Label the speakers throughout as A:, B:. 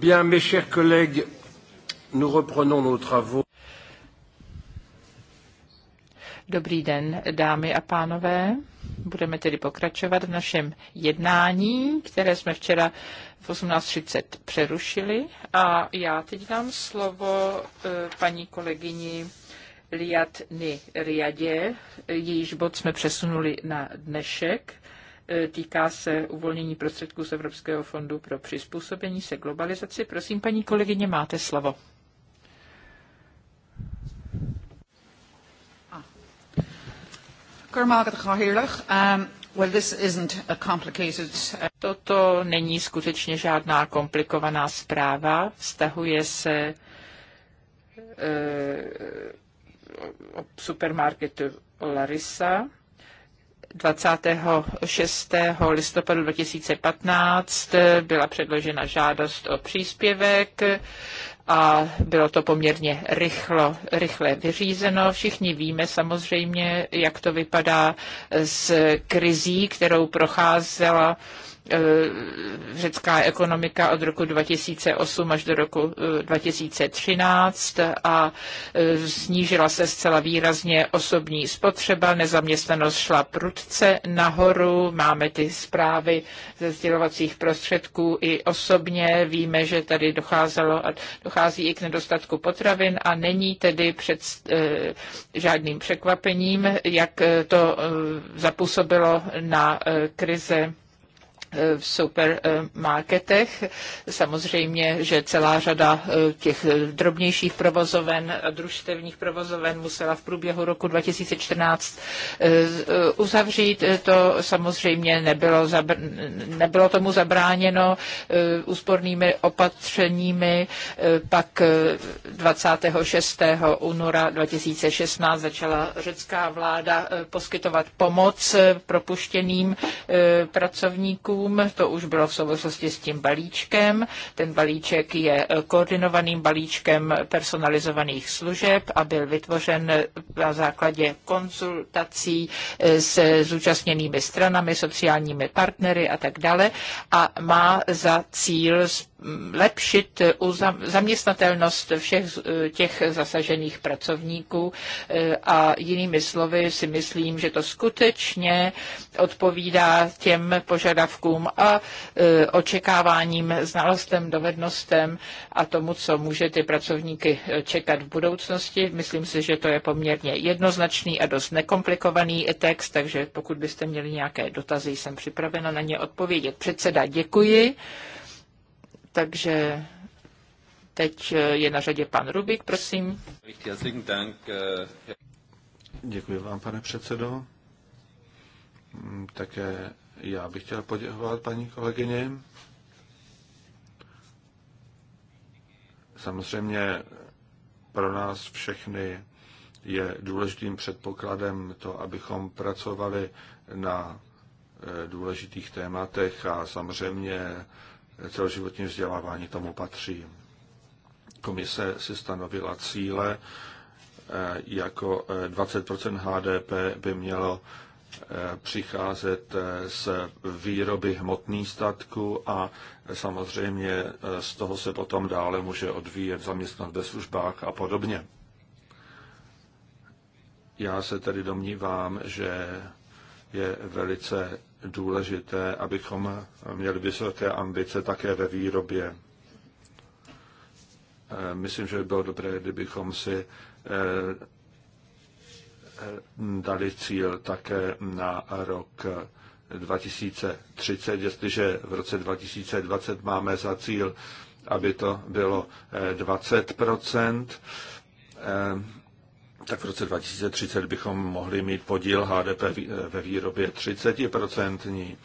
A: Bien, mes chers collègues, nous reprenons nos travaux.
B: Dobrý den, dámy a pánové. Budeme tedy pokračovat v našem jednání, které jsme včera v 18.30 přerušili. A já teď dám slovo eh, paní kolegyni Liatny Riadě. Jejíž bod jsme přesunuli na dnešek týká se uvolnění prostředků z Evropského fondu pro přizpůsobení se globalizaci. Prosím, paní kolegyně, máte slovo. Toto není skutečně žádná komplikovaná zpráva. Vztahuje se eh, supermarketu Larisa 26. listopadu 2015 byla předložena žádost o příspěvek a bylo to poměrně rychlo, rychle vyřízeno. Všichni víme samozřejmě, jak to vypadá s krizí, kterou procházela Eh, řecká ekonomika od roku 2008 až do roku 2013 eh, a eh, snížila se zcela výrazně osobní spotřeba, nezaměstnanost šla prudce nahoru, máme ty zprávy ze sdělovacích prostředků i osobně, víme, že tady docházelo a dochází i k nedostatku potravin a není tedy před žádným překvapením, jak to zapůsobilo na krize Eh, v supermarketech. Samozřejmě, že celá řada eh, těch eh, drobnějších provozoven a družstevních provozoven musela v průběhu roku 2014 uzavřít. To samozřejmě nebylo, zabr- nebylo tomu zabráněno úspornými opatřeními. Pak 26. února 2016 začala řecká vláda poskytovat pomoc propuštěným pracovníkům státům, to už bylo v souvislosti s tím balíčkem. Ten balíček je koordinovaným balíčkem personalizovaných služeb a byl vytvořen na základě konzultací s zúčastněnými stranami, sociálními partnery a tak dále a má za cíl lepšit eh, zaměstnatelnost všech eh, těch zasažených pracovníků eh, a jinými slovy si myslím, že to skutečně odpovídá těm požadavkům a očekáváním, znalostem, dovednostem a tomu, co může ty pracovníky čekat v budoucnosti. Myslím si, že to je poměrně jednoznačný a dost nekomplikovaný text, takže pokud byste měli nějaké dotazy, jsem připravena na ně odpovědět. Předseda, děkuji. Takže teď eh, je na řadě pan Rubik, prosím.
C: Děkuji vám, pane předsedo. Mm, také já bych chtěl poděkovat paní kolegyně. Samozřejmě pro nás všechny je důležitým předpokladem to, abychom pracovali na eh, důležitých tématech a samozřejmě celoživotní vzdělávání tomu patří. Komise si stanovila cíle, e, jako 20 e, HDP by mělo e, přicházet z výroby hmotných statků a samozřejmě z toho se potom dále může odvíjet zaměstnat ve službách a podobně. Já se tedy domnívám, že je velice důležité, abychom měli vysoké ambice také ve výrobě. Eh, myslím, že by bylo dobré, kdybychom si eh, eh, dali cíl také na rok 2030, jestliže v roce 2020 máme za cíl, aby to bylo 20 tak v roce 2030 bychom mohli mít podíl HDP eh, ve výrobě 30%.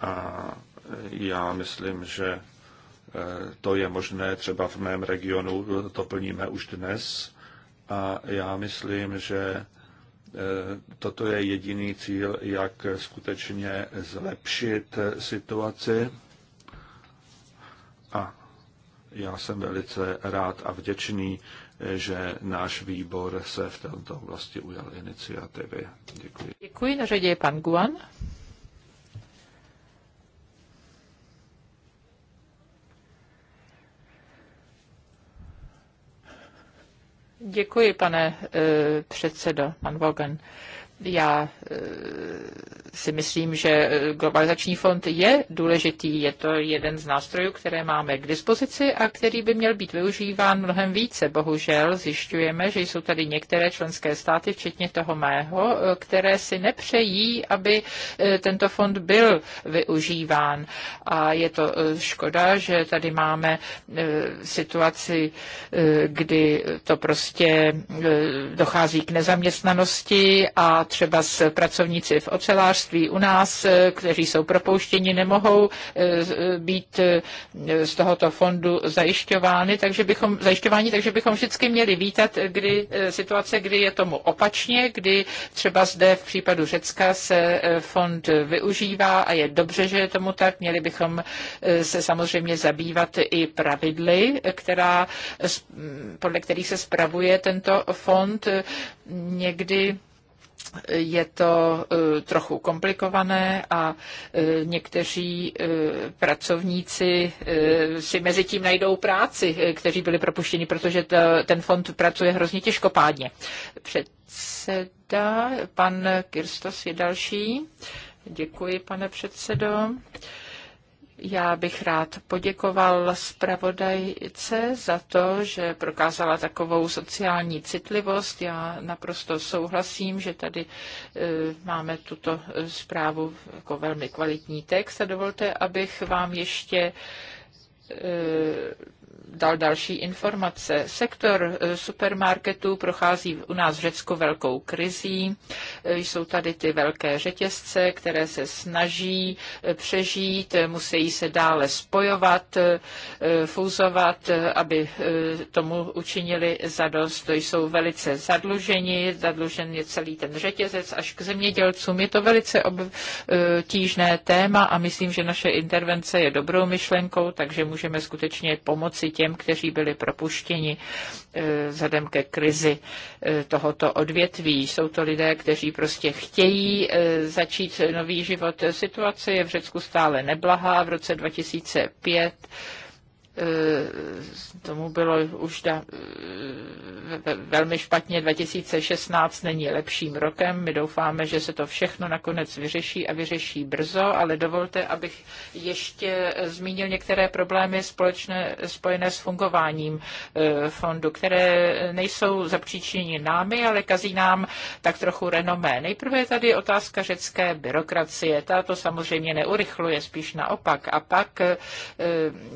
C: A já myslím, že eh, to je možné třeba v mém regionu, to plníme už dnes. A já myslím, že eh, toto je jediný cíl, jak skutečně zlepšit situaci. A já jsem velice rád a vděčný, že náš výbor se v této oblasti ujal iniciativy. Děkuji.
B: Děkuji. Na řadě je pan Guan. Děkuji, pane e, předsedo, pan Vogan. Já e, si myslím, že eh, globalizační fond je důležitý. Je to jeden z nástrojů, které máme k dispozici a který by měl být využíván mnohem více. Bohužel zjišťujeme, že jsou tady některé členské státy, včetně toho mého, eh, které si nepřejí, aby eh, tento fond byl využíván. A je to škoda, že tady máme situaci, kdy to prostě dochází k nezaměstnanosti a třeba s pracovníci v ocelářství, manželství u nás, eh, kteří jsou propouštěni, nemohou eh, eh, být z tohoto fondu zajišťovány, takže bychom, zajišťováni, takže bychom vždycky měli vítat kdy, situace, kdy je tomu opačně, kdy třeba zde v případu Řecka se fond využívá a je dobře, že je tomu tak. Měli bychom se samozřejmě zabývat i pravidly, která, podle kterých se spravuje tento fond. Někdy je to e, trochu komplikované a e, někteří e, pracovníci si mezi tím najdou práci, kteří byli propuštěni, protože ten fond pracuje hrozně těžkopádně. Předseda, pan Kirstos je další. Děkuji, pane předsedo. Já bych rád poděkoval zpravodajce za to, že prokázala takovou sociální citlivost. Já naprosto souhlasím, že tady e, máme tuto zprávu jako velmi kvalitní text a dovolte, abych vám ještě e, dal další informace. Sektor eh, supermarketů prochází u nás v Řecku velkou krizí. Eh, jsou tady ty velké řetězce, které se snaží eh, přežít, musí se dále spojovat, fúzovat, aby tomu učinili zadost. To jsou velice zadluženi, zadlužen je celý ten řetězec až k zemědělcům. Je to velice obtížné téma a myslím, že naše intervence je dobrou myšlenkou, takže můžeme skutečně pomoci těm, kteří byli propuštěni eh, vzhledem ke krizi eh, tohoto odvětví. Jsou to lidé, kteří prostě chtějí eh, začít nový život. Situace je v Řecku stále neblahá. V roce 2005 Eh, tomu bylo už da, eh, velmi špatně, 2016 není lepším rokem, my doufáme, že se to všechno nakonec vyřeší a vyřeší brzo, ale dovolte, abych ještě zmínil některé problémy společné, spojené s fungováním eh, fondu, které nejsou zapříčiněny námi, ale kazí nám tak trochu renomé. Nejprve je tady otázka řecké byrokracie, ta to samozřejmě neurychluje, spíš naopak. A pak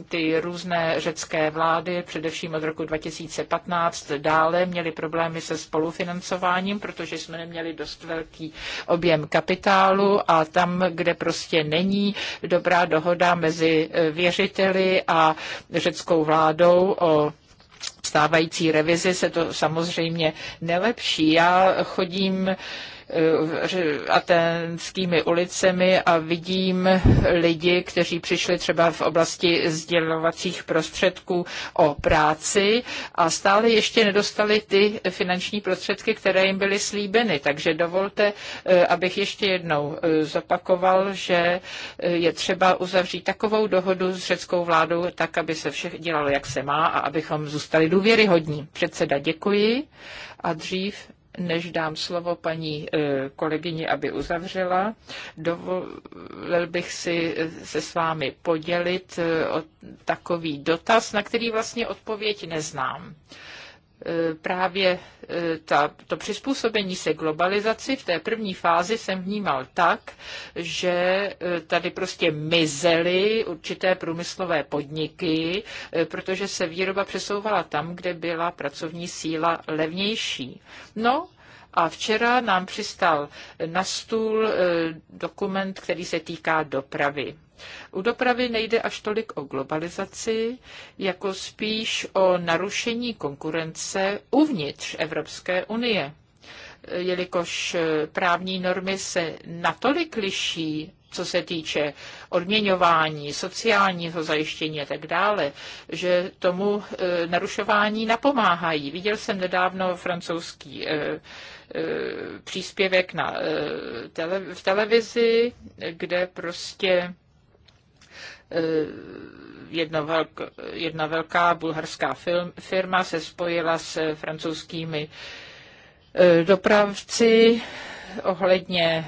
B: ty různé současné řecké vlády, především od roku 2015 dále, měly problémy se spolufinancováním, protože jsme neměli dost velký objem kapitálu a tam, kde prostě není dobrá dohoda mezi eh, věřiteli a řeckou vládou o stávající revizi, se to samozřejmě nelepší. Já chodím E, atenskými ulicemi a vidím lidi, kteří přišli třeba v oblasti sdělovacích prostředků o práci a stále ještě nedostali ty finanční prostředky, které jim byly slíbeny. Takže dovolte, e, abych ještě jednou e, zopakoval, že je třeba uzavřít takovou dohodu s řeckou vládou, tak, aby se vše dělalo, jak se má a abychom zůstali důvěryhodní. Předseda, děkuji. A dřív než dám slovo paní eh, kolegyni, aby uzavřela, dovolil bych si eh, se s vámi podělit eh, o takový dotaz, na který vlastně odpověď neznám právě e, ta, to přizpůsobení se globalizaci v té první fázi jsem vnímal tak, že e, tady prostě mizely určité průmyslové podniky, e, protože se výroba přesouvala tam, kde byla pracovní síla levnější. No, a včera nám přistal na stůl e, dokument, který se týká dopravy. U dopravy nejde až tolik o globalizaci, jako spíš o narušení konkurence uvnitř Evropské unie jelikož eh, právní normy se natolik liší, co se týče odměňování, sociálního zajištění a tak dále, že tomu eh, narušování napomáhají. Viděl jsem nedávno francouzský eh, příspěvek na, v televizi, kde prostě jedna, velká, jedna velká bulharská firma se spojila s francouzskými E, dopravci ohledně e,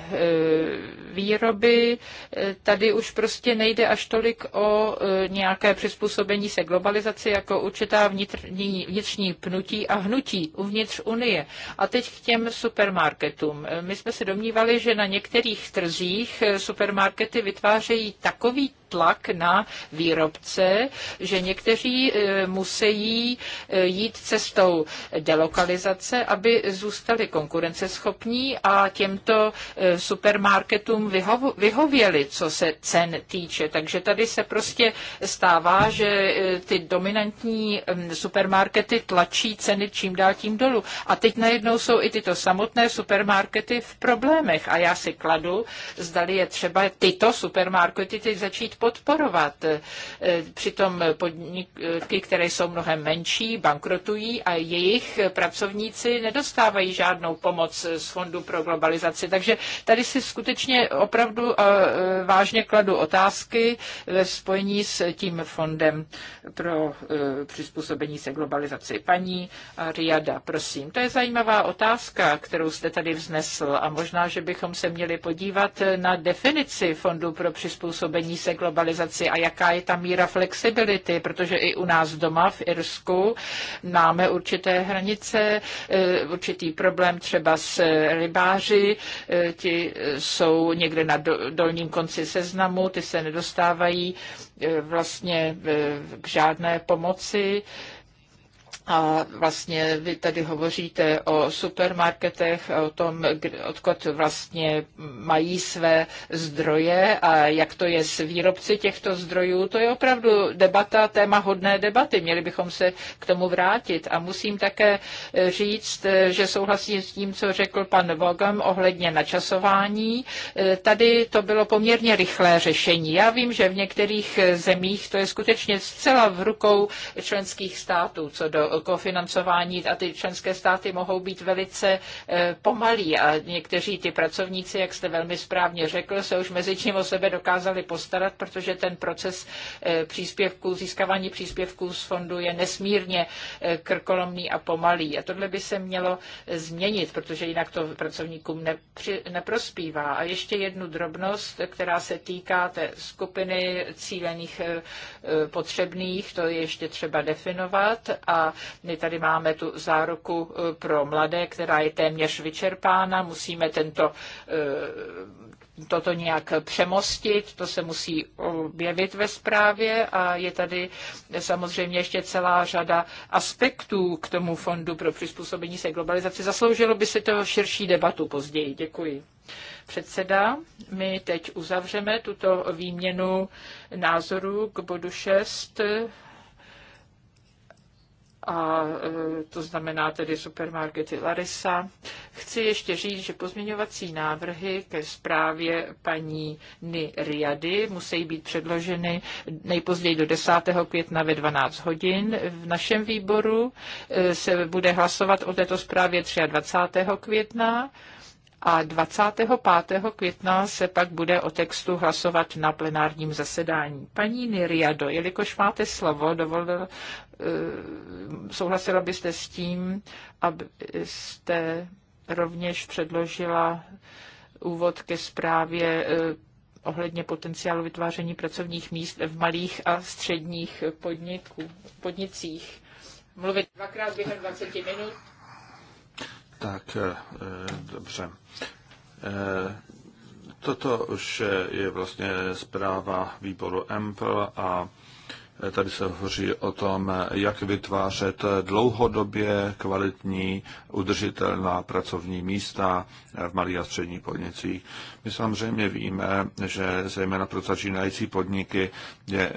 B: výroby. E, tady už prostě nejde až tolik o nějaké přizpůsobení se globalizaci jako určitá vnitřní, vnitřní pnutí a hnutí uvnitř Unie. A teď k těm supermarketům. My jsme se domnívali, že na některých trzích supermarkety vytvářejí takový tlak na výrobce, že někteří e, musí e, jít cestou delokalizace, aby zůstali konkurenceschopní a těmto e, supermarketům vyhověli, co se cen týče. Takže tady se prostě stává, že ty dominantní supermarkety tlačí ceny čím dál tím dolů. A teď najednou jsou i tyto samotné supermarkety v problémech. A já si kladu, zdali je třeba tyto supermarkety teď začít podporovat. E, přitom podniky, které jsou mnohem menší, bankrotují a jejich pracovníci nedostávají žádnou pomoc z Fondu pro globalizaci. Takže tady si skutečně opravdu e, vážně kladu otázky ve spojení s tím fondem pro e, přizpůsobení se globalizaci. Paní Riada, prosím. To je zajímavá otázka, kterou jste tady vznesl a možná, že bychom se měli podívat na definici Fondu pro přizpůsobení se globalizaci a jaká je ta míra flexibility, protože i u nás doma v Irsku máme určité hranice, e, určitý problém třeba s rybáři, e, ti jsou někde na dolním konci seznamu, ty se nedostávají e, vlastně k žádné pomoci. A vlastně vy tady hovoříte o supermarketech, o tom, odkud vlastně mají své zdroje a jak to je s výrobci těchto zdrojů. To je opravdu debata, téma hodné debaty. Měli bychom se k tomu vrátit. A musím také eh, říct, eh, že souhlasím s tím, co řekl pan Vogam ohledně načasování. Eh, tady to bylo poměrně rychlé řešení. Já vím, že v některých zemích to je skutečně zcela v rukou členských států, co do kofinancování a ty členské státy mohou být velice eh, pomalí a někteří ty pracovníci, jak jste velmi správně řekl, se už mezi tím o sebe dokázali postarat, protože ten proces eh, příspěvků, získávání příspěvků z fondu je nesmírně eh, krkolomný a pomalý. A tohle by se mělo změnit, protože jinak to pracovníkům nepři, neprospívá. A ještě jednu drobnost, která se týká té skupiny cílených potřebných, to je ještě třeba definovat a my tady máme tu záruku eh, pro mladé, která je téměř vyčerpána. Musíme tento eh, toto nějak přemostit, to se musí objevit ve zprávě a je tady samozřejmě ještě celá řada aspektů k tomu fondu pro přizpůsobení se globalizaci. Zasloužilo by se to širší debatu později. Děkuji. Předseda, my teď uzavřeme tuto výměnu názorů k bodu 6 a e, to znamená tedy supermarkety Larisa. Chci ještě říct, že pozměňovací návrhy ke zprávě paní Ny Riady musí být předloženy nejpozději do 10. května ve 12 hodin. V našem výboru e, se bude hlasovat o této zprávě 23. května a 25. května se pak bude o textu hlasovat na plenárním zasedání. Paní Niriado, jelikož máte slovo, dovolil, eh, souhlasila byste s tím, abyste rovněž předložila úvod ke zprávě eh, ohledně potenciálu vytváření pracovních míst v malých a středních podniků, podnicích. Mluvit dvakrát během 20 minut.
C: Tak, eh, dobře. Eh, toto už je vlastně zpráva výboru EMPL a Tady se hovoří o tom, jak vytvářet dlouhodobě kvalitní, udržitelná pracovní místa v malých a středních podnicích. My samozřejmě víme, že zejména pro začínající podniky je,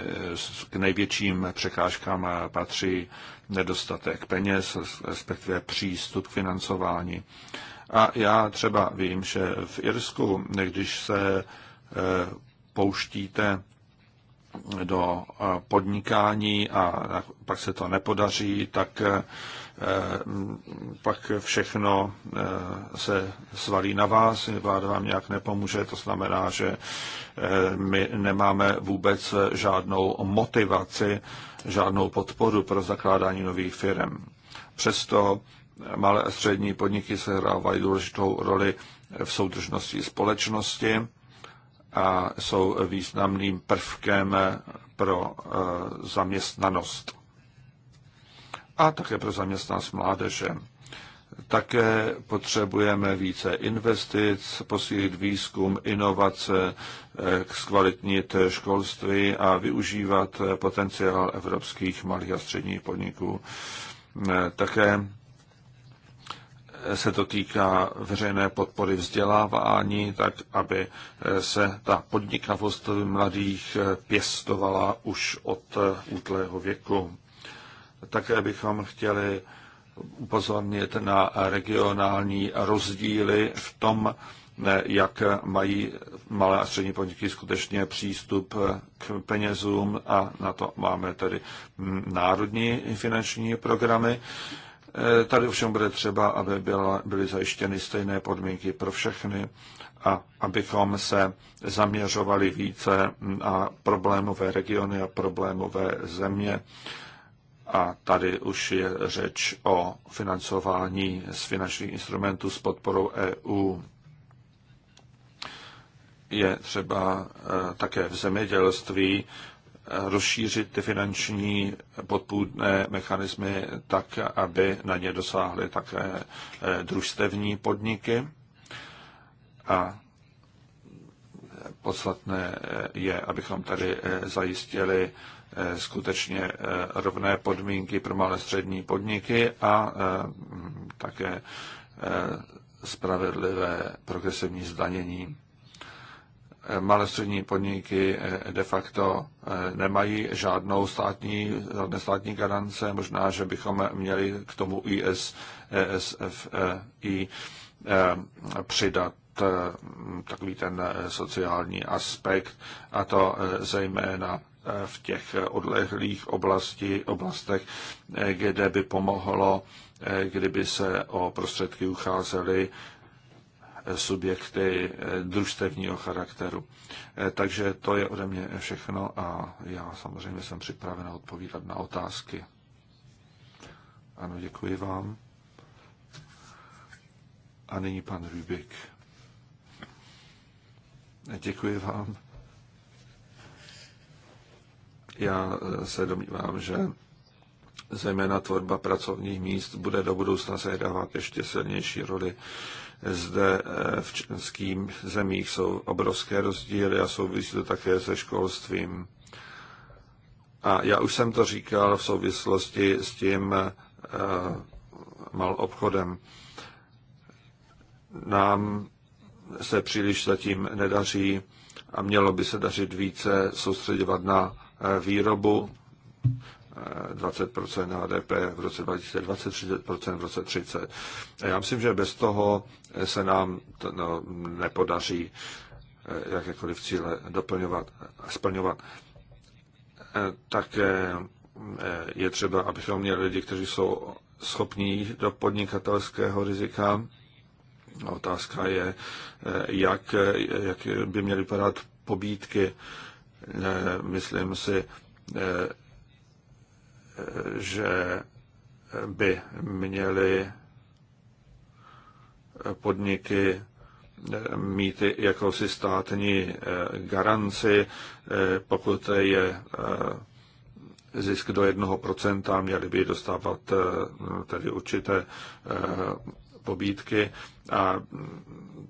C: k největším překážkám patří nedostatek peněz, respektive přístup k financování. A já třeba vím, že v Irsku, když se eh, pouštíte do eh, podnikání a pak se to nepodaří, tak eh, mm, pak všechno eh, se svalí na vás, vláda vám nějak nepomůže, to znamená, že my nemáme vůbec žádnou motivaci, žádnou podporu pro zakládání nových firm. Přesto malé a střední podniky se hrávají důležitou roli v soudržnosti společnosti a jsou významným prvkem pro eh, zaměstnanost a také pro zaměstnanost mládeže. Také potřebujeme více investic, posílit výzkum, inovace, eh, zkvalitnit školství a využívat eh, potenciál evropských malých a středních podniků. Také se to týká veřejné podpory vzdělávání, tak aby eh, se ta podnikavost mladých eh, pěstovala už od eh, útlého věku. Také bychom chtěli upozornit na regionální rozdíly v tom, jak mají malé a střední podniky skutečně přístup k penězům a na to máme tedy hm, národní finanční programy. Eh, tady ovšem bude třeba, aby byla, byly zajištěny stejné podmínky pro všechny a abychom se zaměřovali více na problémové regiony a problémové země. A tady už je řeč o financování z finančních instrumentů s podporou EU. Je třeba eh, také v zemědělství rozšířit ty finanční podpůrné mechanismy tak, aby na ně dosáhly také eh, družstevní podniky. A podstatné eh, je, abychom tady eh, zajistili skutečně rovné podmínky pro malé střední podniky a také spravedlivé progresivní zdanění malé střední podniky eh, de facto eh, nemají žádnou státní, žádné státní garance. Možná, že bychom měli k tomu IS, ESFI eh, přidat takový ten sociální aspekt, a to zejména v těch odlehlých oblasti, oblastech, kde by pomohlo, kdyby se o prostředky ucházeli subjekty eh, družstevního charakteru. Eh, takže to je ode mě všechno a já samozřejmě jsem připraven odpovídat na otázky. Ano, děkuji vám. A nyní pan Rubik. Děkuji vám. Já eh, se domnívám, že zejména tvorba pracovních míst bude do budoucna sehrávat ještě silnější roli. Zde eh, v českým zemích jsou obrovské rozdíly a souvisí to také se školstvím. A já už jsem to říkal v souvislosti s tím eh, mal obchodem. Nám se příliš zatím nedaří a mělo by se dařit více soustředovat na eh, výrobu, 20% HDP v roce 2020, 30% v roce 30. A já myslím, že bez toho se nám to, no, nepodaří eh, jakékoliv cíle doplňovat, splňovat. Eh, tak eh, je třeba, abychom měli lidi, kteří jsou schopní do podnikatelského rizika. Otázka je, jak, jak by měly vypadat pobídky. Myslím si, že by měly podniky mít jakousi státní eh, garanci, eh, pokud je eh, zisk do jednoho procenta, měli by dostávat tedy určité pobídky a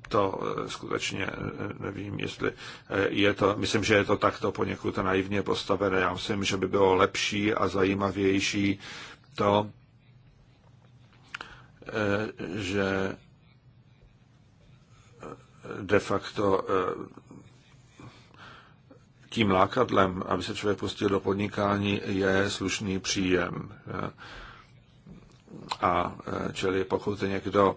C: to eh, skutečně eh, nevím, jestli eh, je to, myslím, že je to takto poněkud naivně postavené. Já myslím, že by bylo lepší a zajímavější to, že de facto tím lákadlem, aby se člověk pustil do podnikání, je slušný příjem. A e, čili pokud někdo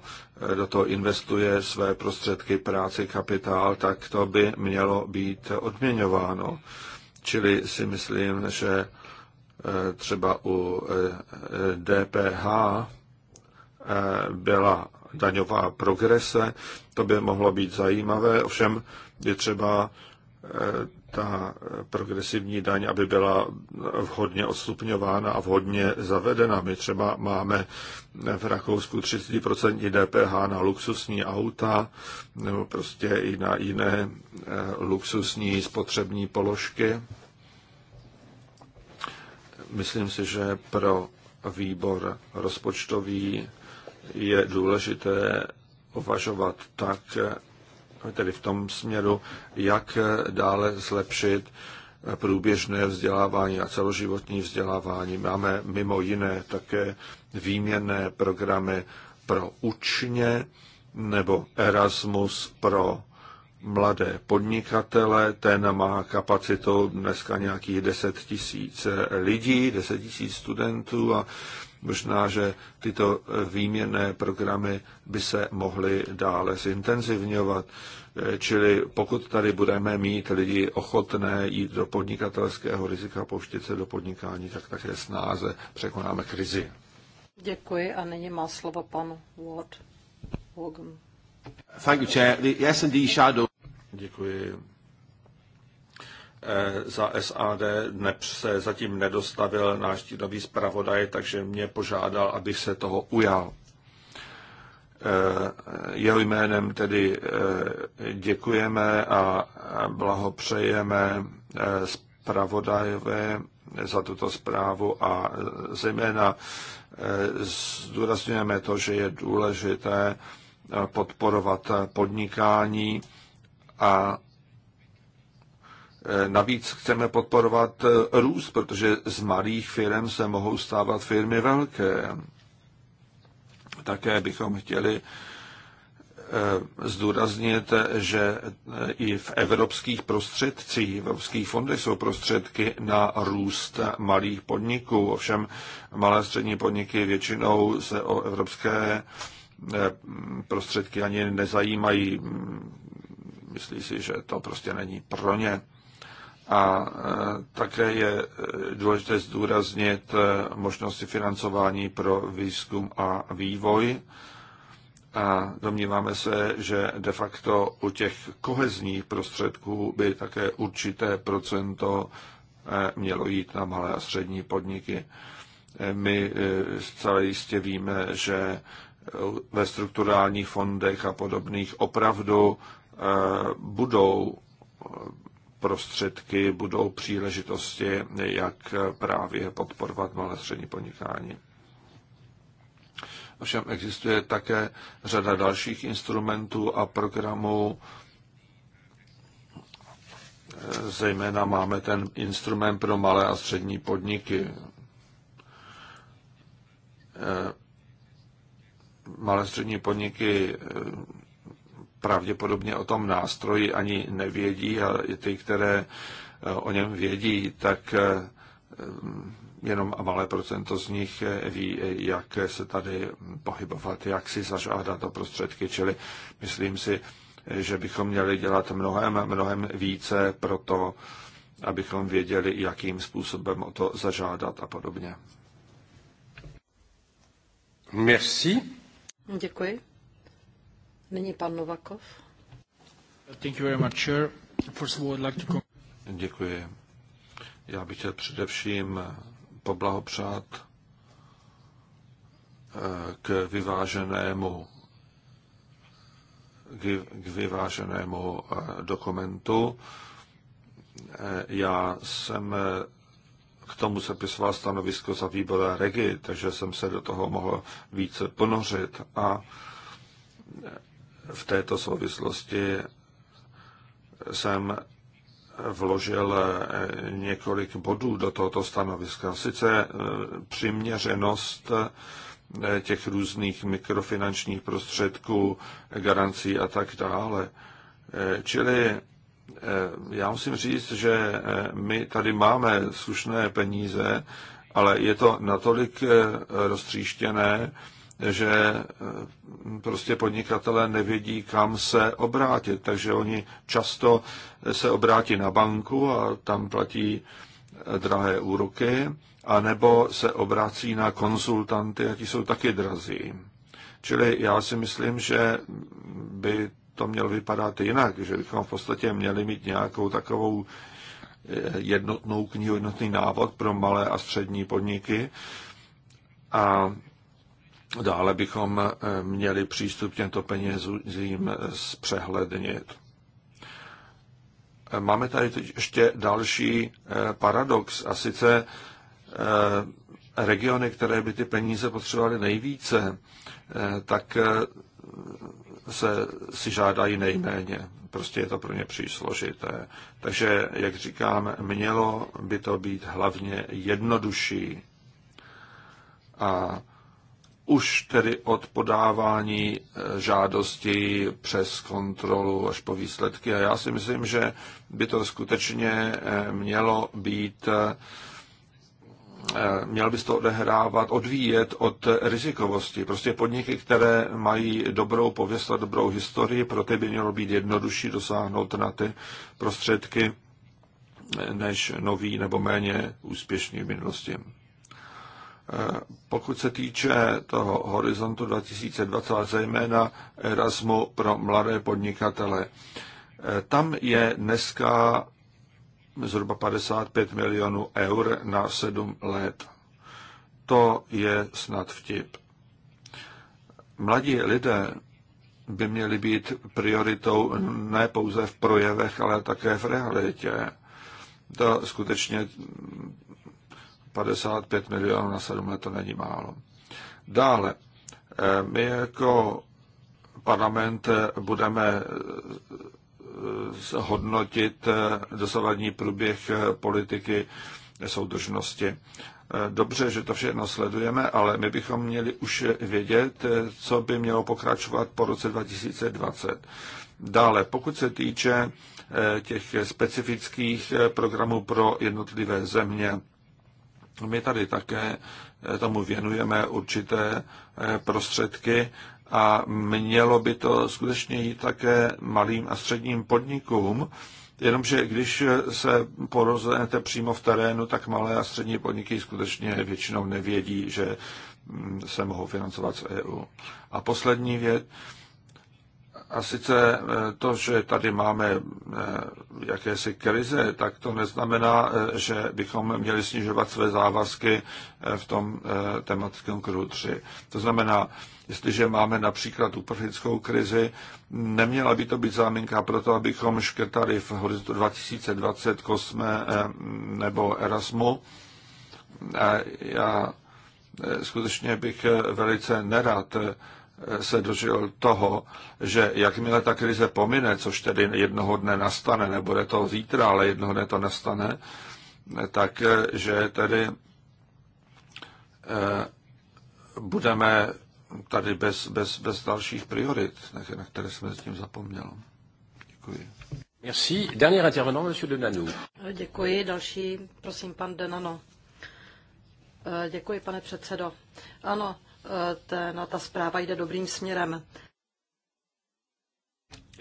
C: e, do toho investuje své prostředky, práci, kapitál, tak to by mělo být odměňováno. Čili si myslím, že e, třeba u DPH byla daňová progrese, to by mohlo být zajímavé, ovšem je třeba ta progresivní daň, aby byla vhodně odstupňována a vhodně zavedena. My třeba máme v Rakousku 30% DPH na luxusní auta nebo prostě i na jiné eh, luxusní spotřební položky. Myslím si, že pro výbor rozpočtový je důležité uvažovat tak, tedy v tom směru, jak eh, dále zlepšit eh, průběžné vzdělávání a celoživotní vzdělávání. Máme mimo jiné také výměné programy pro učně nebo Erasmus pro mladé podnikatele. Ten má kapacitu dneska nějakých 10 tisíc eh, lidí, 10 tisíc studentů a Možná, že tyto eh, výměné programy by se mohly dále zintenzivňovat. Eh, čili pokud tady budeme mít lidi ochotné jít do podnikatelského rizika, pouštět se do podnikání, tak také snáze překonáme krizi.
D: Děkuji a nyní má slovo pan Ward
C: Thank you, Chair. The S&D Shadow. Děkuji. Eh, za SAD se zatím nedostavil náš nový zpravodaj, takže mě požádal, aby se toho ujal. Eh, jeho jménem tedy eh, děkujeme a blahopřejeme zpravodajové za tuto zprávu a zejména zdůrazňujeme to, že je důležité podporovat podnikání a Eh, navíc chceme podporovat eh, růst, protože z malých firm se mohou stávat firmy velké. Také bychom chtěli eh, zdůraznit, že i v evropských prostředcích, v evropských fondech jsou prostředky na růst malých podniků. Ovšem malé a střední podniky většinou se o evropské prostředky ani nezajímají. Myslí si, že to prostě není pro ně. A e, také je e, důležité zdůraznit e, možnosti financování pro výzkum a vývoj. A domníváme se, že de facto u těch kohezních prostředků by také určité procento mělo jít na malé a střední podniky. My zcela jistě víme, že ve strukturálních fondech a podobných opravdu budou prostředky budou příležitosti, jak právě podporovat malé střední podnikání. Ovšem existuje také řada dalších instrumentů a programů, zejména máme ten instrument pro malé a střední podniky. Malé a střední podniky pravděpodobně o tom nástroji ani nevědí a ty, které eh, o něm vědí, tak eh, mm, jenom malé procento z nich eh, ví, jak se tady pohybovat, jak si zažádat o prostředky, čili myslím si, že bychom měli dělat mnohem, mnohem více pro to, abychom věděli, jakým způsobem o to zažádat a podobně. Merci.
D: Děkuji. Nyní pan Novakov.
C: Thank you very much, First of all, I'd like to... Děkuji. Já bych chtěl především poblahopřát eh, k vyváženému k vyváženému eh, dokumentu. Eh, já jsem k tomu sepisoval stanovisko za výbor Regi, takže jsem se do toho mohl více ponořit a v této souvislosti jsem vložil několik bodů do tohoto stanoviska. Sice e, přiměřenost e, těch různých mikrofinančních prostředků, garancí a tak dále. E, čili já musím říct, že my tady máme slušné peníze, ale je to natolik roztříštěné, že e, prostě podnikatelé nevědí, kam se obrátit, takže oni často se obrátí na banku a tam platí e, drahé úroky, anebo se obrací na konzultanty a ti jsou taky drazí. Čili já si myslím, že by to mělo vypadat jinak, že bychom v podstatě měli mít nějakou takovou e, jednotnou knihu, jednotný návod pro malé a střední podniky. A Dále bychom eh, měli přístup k těmto penězům eh, zpřehlednit. Eh, máme tady teď ještě další paradox, a sice regiony, které by ty peníze potřebovaly nejvíce, tak se si žádají nejméně. Prostě je to pro ně přísložité. Takže, jak říkám, mělo by to být hlavně jednodušší. A už tedy od podávání eh, žádosti přes kontrolu až po výsledky. A já si myslím, že by to skutečně eh, mělo být, eh, měl by se to odehrávat, odvíjet od rizikovosti. Prostě podniky, které mají dobrou pověst a dobrou historii, pro ty by mělo být jednodušší dosáhnout na ty prostředky než noví nebo méně úspěšný v minulosti. Pokud se týče toho horizontu 2020, zejména Erasmu pro mladé podnikatele, tam je dneska zhruba 55 milionů eur na 7 let. To je snad vtip. Mladí lidé by měli být prioritou ne pouze v projevech, ale také v realitě. To skutečně 55 milionů na 7 let to není málo. Dále, eh, my jako parlament budeme eh, hodnotit eh, dosavadní průběh politiky soudržnosti. Dobře, že to všechno sledujeme, ale my bychom měli už vědět, co by mělo pokračovat po roce 2020. Dále, pokud se týče těch specifických programů pro jednotlivé země, my tady také eh, tomu věnujeme určité eh, prostředky a mělo by to skutečně jít také malým a středním podnikům, jenomže když eh, se porozhodnete přímo v terénu, tak malé a střední podniky skutečně většinou nevědí, že mm, se mohou financovat z EU. A poslední věc, a sice eh, to, že tady máme eh, jakési krize, tak to neznamená, eh, že bychom měli snižovat své závazky v tom tematickém kruhu 3. To znamená, jestliže máme například uprchlickou krizi, neměla by to být záminka pro to, abychom škrtali v horizontu 2020 Kosme nebo Erasmu. Já skutečně bych velice nerad se dožil toho, že jakmile ta krize pomine, což tedy jednoho dne nastane, nebude to zítra, ale jednoho dne to nastane, tak že tedy eh, budeme tady bez, bez, bez dalších priorit, na které jsme s tím zapomněl. Děkuji. Merci. Dernier intervenant, monsieur de Nanou.
D: Eh, děkuji. Další, prosím, pan Denano. Eh, děkuji, pane předsedo. Ano, ten, no, ta zpráva jde dobrým směrem.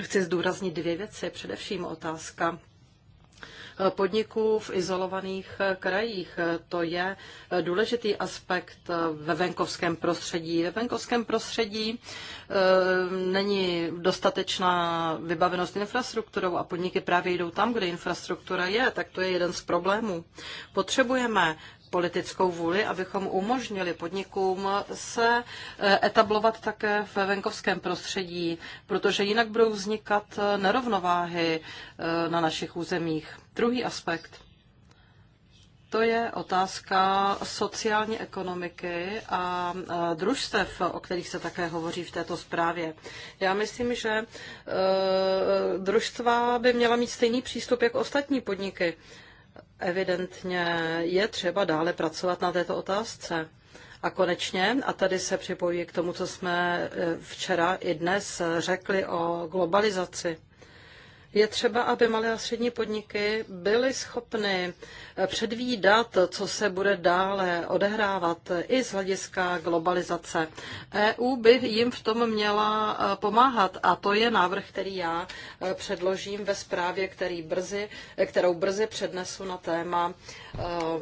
D: Chci zdůraznit dvě věci. Především otázka podniků v izolovaných krajích. To je důležitý aspekt ve venkovském prostředí. Ve venkovském prostředí eh, není dostatečná vybavenost infrastrukturou a podniky právě jdou tam, kde infrastruktura je, tak to je jeden z problémů. Potřebujeme politickou vůli, abychom umožnili podnikům se eh, etablovat také ve venkovském prostředí, protože jinak budou vznikat eh, nerovnováhy eh, na našich územích. Druhý aspekt. To je otázka sociální ekonomiky a družstev, o kterých se také hovoří v této zprávě. Já myslím, že družstva by měla mít stejný přístup jako ostatní podniky. Evidentně je třeba dále pracovat na této otázce. A konečně, a tady se připojí k tomu, co jsme eh, včera i dnes řekli o globalizaci. Je třeba, aby malé a střední podniky byly schopny eh, předvídat, co se bude dále odehrávat i z hlediska globalizace. EU by jim v tom měla eh, pomáhat a to je návrh, který já eh, předložím ve zprávě, který brzy, kterou brzy přednesu na téma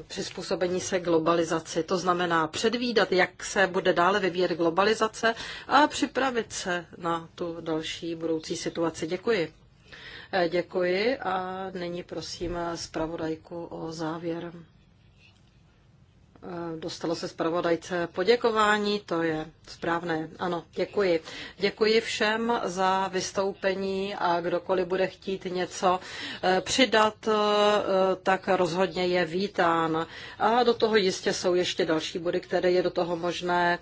D: přizpůsobení se globalizaci. To znamená předvídat, jak se bude dále vyvíjet globalizace a připravit se na tu další budoucí situaci. Děkuji. Eh, děkuji a nyní prosím zpravodajku o závěr. Eh, dostalo se zpravodajce poděkování, to je správné. Ano, děkuji. Děkuji všem za vystoupení a kdokoliv bude chtít něco eh, přidat, tak rozhodně je vítán. A do toho jistě jsou ještě další body, které je do toho možné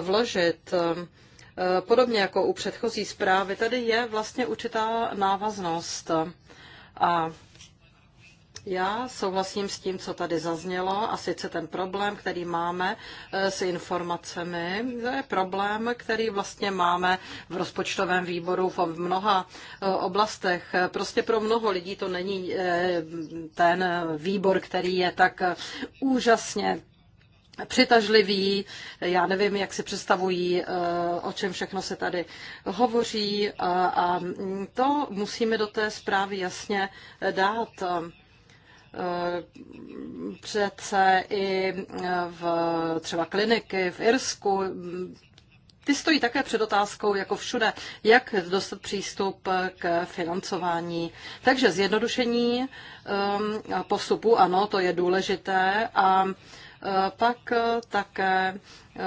D: vložit. Eh, podobně jako u předchozí zprávy, tady je vlastně určitá návaznost. A já souhlasím s tím, co tady zaznělo, a sice ten problém, který máme eh, s informacemi, to je problém, který vlastně máme v rozpočtovém výboru v mnoha eh, oblastech. Prostě pro mnoho lidí to není ten výbor, který je tak úžasně přitažlivý. já nevím, jak si představují, eh, o čem všechno se tady hovoří a, to musíme do té zprávy jasně dát. Eh, přece i eh, v třeba kliniky v Irsku mm, ty stojí také před otázkou, jako všude, jak dostat přístup k financování. Takže zjednodušení postupu, ano, to je důležité a Eh, pak eh, také eh,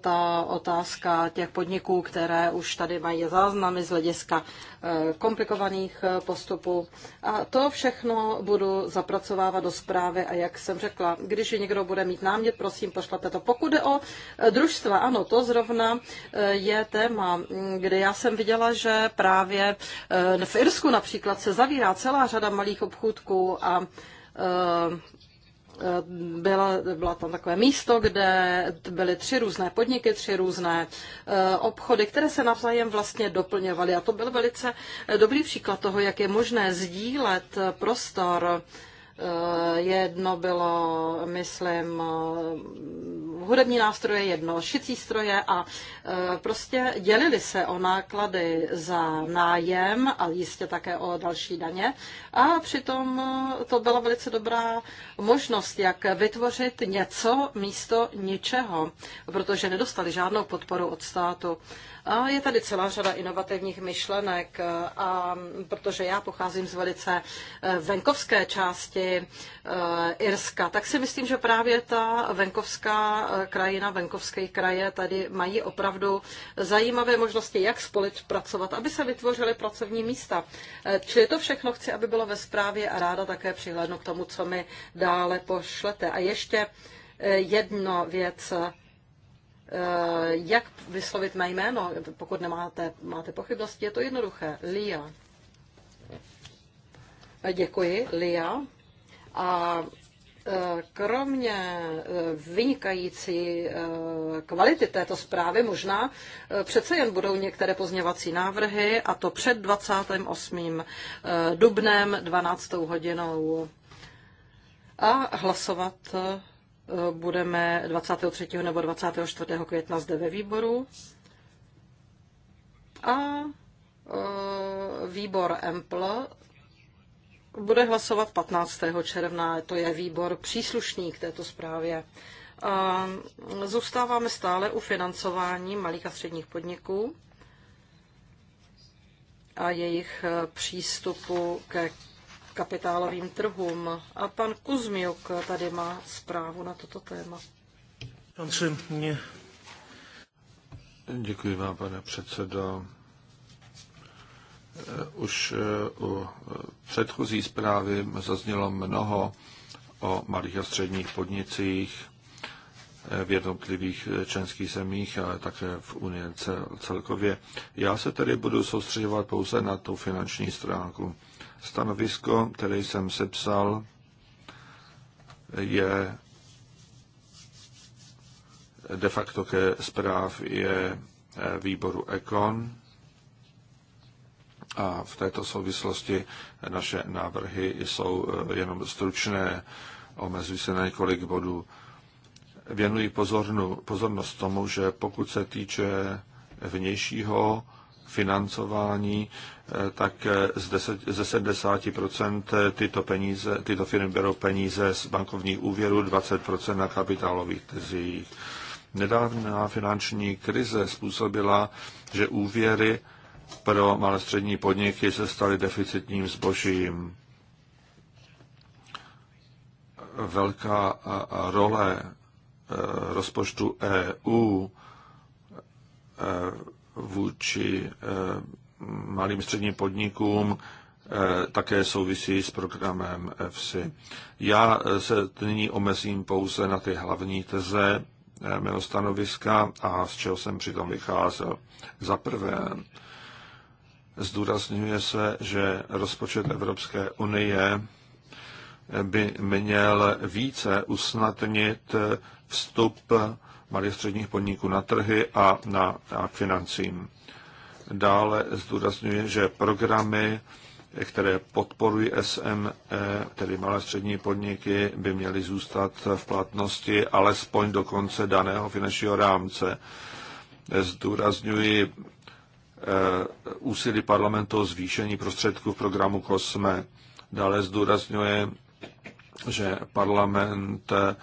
D: ta otázka těch podniků, které už tady mají záznamy z hlediska komplikovaných postupů. A to všechno budu zapracovávat do zprávy a jak jsem řekla, když někdo bude mít námět, prosím, pošlete to. Pokud jde o družstva, ano, to zrovna je téma, mm, kde já jsem viděla, že právě v Irsku například se zavírá celá řada malých obchůdků a Eh, byla, byla tam takové místo, kde byly tři různé podniky, tři různé eh, obchody, které se navzájem vlastně doplňovaly. A to byl velice eh, dobrý příklad toho, jak je možné sdílet prostor Eh, jedno bylo, myslím, eh, hudební nástroje, jedno šicí stroje a eh, prostě dělili se o náklady za nájem a jistě také o další daně. A přitom to byla velice dobrá možnost, jak vytvořit něco místo ničeho, protože nedostali žádnou podporu od státu. A je tady celá řada inovativních myšlenek, eh, a protože já pocházím z velice eh, venkovské části eh, Irska, tak si myslím, že právě ta venkovská krajina, venkovské kraje tady mají opravdu zajímavé možnosti, jak spolupracovat, aby se vytvořily pracovní místa. Čili to všechno chci, aby bylo ve zprávě a ráda také přihlednu k tomu, co mi dále pošlete. A ještě jedno věc. Eh, jak vyslovit mé jméno, pokud nemáte máte pochybnosti, je to jednoduché. Lia. Eh, děkuji, Lia. A eh, Kromě vynikající kvality této zprávy možná přece jen budou některé pozněvací návrhy a to před 28. dubnem 12. hodinou a hlasovat budeme 23. nebo 24. května zde ve výboru. A e, výbor EMPL bude hlasovat 15. června. To je výbor příslušný k této zprávě. A zůstáváme stále u financování malých a středních podniků a jejich e, přístupu ke kapitálovým trhům. A pan Kuzmiuk tady má zprávu na toto téma.
C: Děkuji vám, pane předsedo. Eh, už eh, u eh, předchozí zprávy zaznělo mnoho o malých a středních podnicích v jednotlivých členských zemích, ale také v Unii celkově. Já se tedy budu soustředovat pouze na tu finanční stránku. Stanovisko, které jsem sepsal, je de facto ke zpráv je eh, výboru Ekon a v této souvislosti naše návrhy jsou eh, jenom stručné, omezují se na několik bodů. Věnují pozornost tomu, že pokud se týče vnějšího financování, eh, tak eh, z 10, ze 70% eh, tyto, peníze, tyto firmy berou peníze z bankovních úvěrů, 20% na kapitálových trzích. Nedávná finanční krize způsobila, že úvěry pro malé střední podniky se staly deficitním zbožím. Velká role rozpočtu EU vůči eh, malým středním podnikům eh, také souvisí s programem EFSI. Já eh, se nyní omezím pouze na ty hlavní teze mého stanoviska a z čeho jsem přitom vycházel. Za prvé, zdůrazňuje se, že rozpočet Evropské unie by měl více usnadnit vstup malých středních podniků na trhy a na a financím. Dále zdůrazňuje, že programy, které podporují SME, tedy malé střední podniky, by měly zůstat v platnosti alespoň do konce daného finančního rámce. Zdůrazňuji eh, úsilí parlamentu o zvýšení prostředků v programu COSME. Dále zdůrazňuje že parlament eh,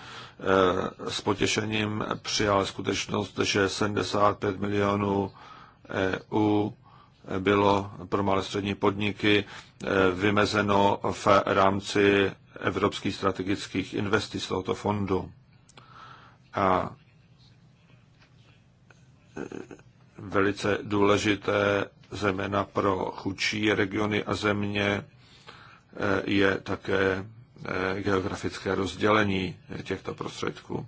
C: s potěšením přijal skutečnost, že 75 milionů EU bylo pro malé střední podniky eh, vymezeno v rámci evropských strategických investic tohoto fondu. A eh, velice důležité zejména pro chudší regiony a země je také Eh, geografické rozdělení těchto prostředků.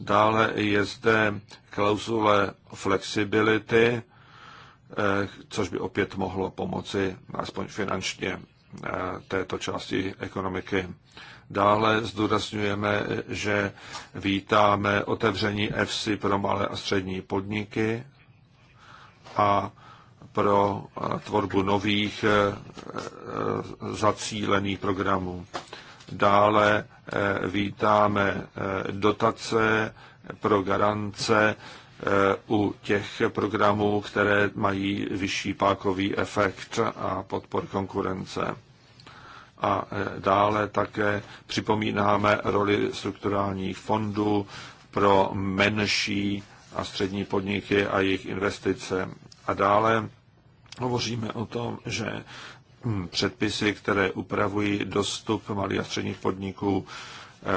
C: Dále je zde klauzule flexibility, eh, což by opět mohlo pomoci, aspoň finančně, eh, této části ekonomiky. Dále zdůrazňujeme, že vítáme otevření EFSI pro malé a střední podniky a pro tvorbu nových zacílených programů. Dále eh, vítáme eh, dotace pro garance eh, u těch programů, které mají vyšší pákový efekt a podpor konkurence. A dále také připomínáme roli strukturálních fondů pro menší a střední podniky a jejich investice. A dále hovoříme o tom, že Hmm, předpisy, které upravují dostup malých a středních podniků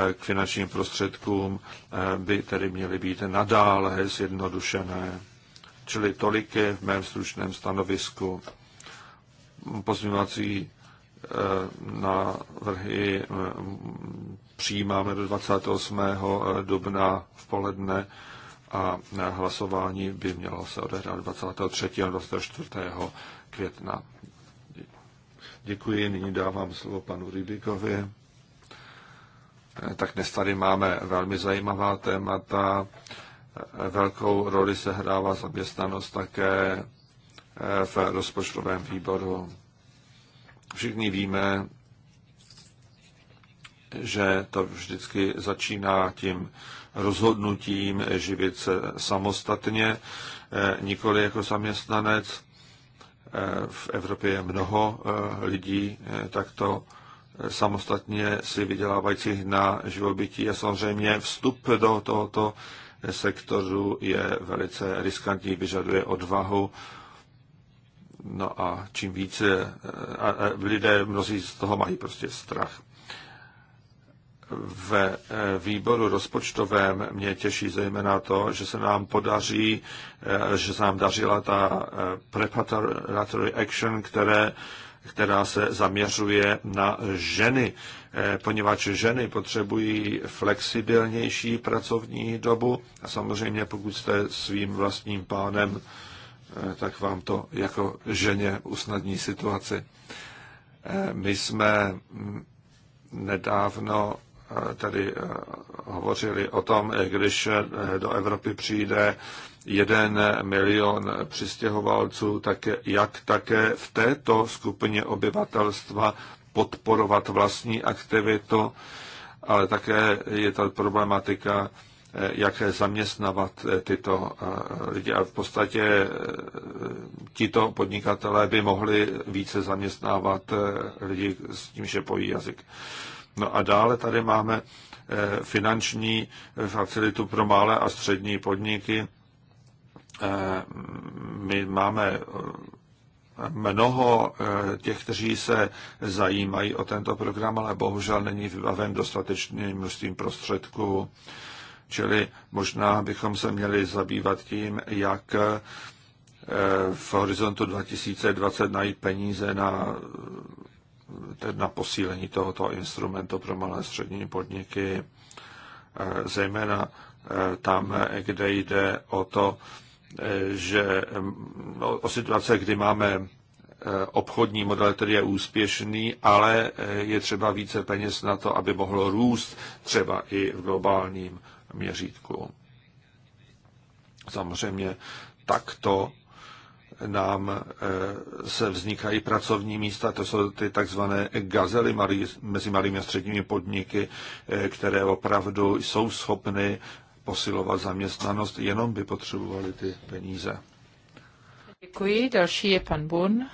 C: eh, k finančním prostředkům, eh, by tedy měly být nadále zjednodušené. Čili tolik je v mém stručném stanovisku. Pozměňovací eh, návrhy přijímáme do 28. dubna v poledne a hlasování by mělo se odehrát 23. a 24. května. Děkuji, nyní dávám slovo panu Rybíkovi. Eh, tak dnes tady máme velmi zajímavá témata. Eh, velkou roli se hrává zaměstnanost také eh, v rozpočtovém výboru. Všichni víme, že to vždycky začíná tím rozhodnutím živit se samostatně, nikoli jako zaměstnanec. Eh, v Evropě je mnoho eh, lidí eh, takto samostatně si vydělávajících na živobytí a samozřejmě vstup do tohoto sektoru je velice riskantní, vyžaduje odvahu. No a čím více a lidé mnozí z toho mají prostě strach ve eh, výboru rozpočtovém mě těší zejména to, že se nám podaří, eh, že se nám dařila ta eh, preparatory action, které, která se zaměřuje na ženy, poněvadž ženy potřebují flexibilnější pracovní dobu a samozřejmě pokud jste svým vlastním pánem, tak vám to jako ženě usnadní situaci. My jsme mm, nedávno tady eh, hovořili o tom, eh, když eh, do Evropy přijde jeden milion přistěhovalců, tak jak také v této skupině obyvatelstva podporovat vlastní aktivitu, ale také je ta problematika, jak zaměstnavat tyto lidi. A v podstatě tito podnikatelé by mohli více zaměstnávat lidi s tím, že pojí jazyk. No a dále tady máme eh, finanční eh, facilitu pro malé a střední podniky. Eh, my máme mnoho těch, kteří se zajímají o tento program, ale bohužel není vybaven dostatečným množstvím prostředků. Čili možná bychom se měli zabývat tím, jak v horizontu 2020 najít peníze na Eh, na posílení tohoto instrumentu pro malé střední podniky, eh, zejména eh, tam, kde jde o to, že mm, o situace, kdy máme obchodní model, který je úspěšný, ale je třeba více peněz na to, aby mohlo růst třeba i v globálním měřítku. Samozřejmě takto nám eh, se vznikají pracovní místa, to jsou ty takzvané gazely malý, mezi malými a středními podniky, eh, které opravdu jsou schopny posilovat zaměstnanost, jenom by potřebovali ty peníze.
B: Děkuji. Další je pan Bun.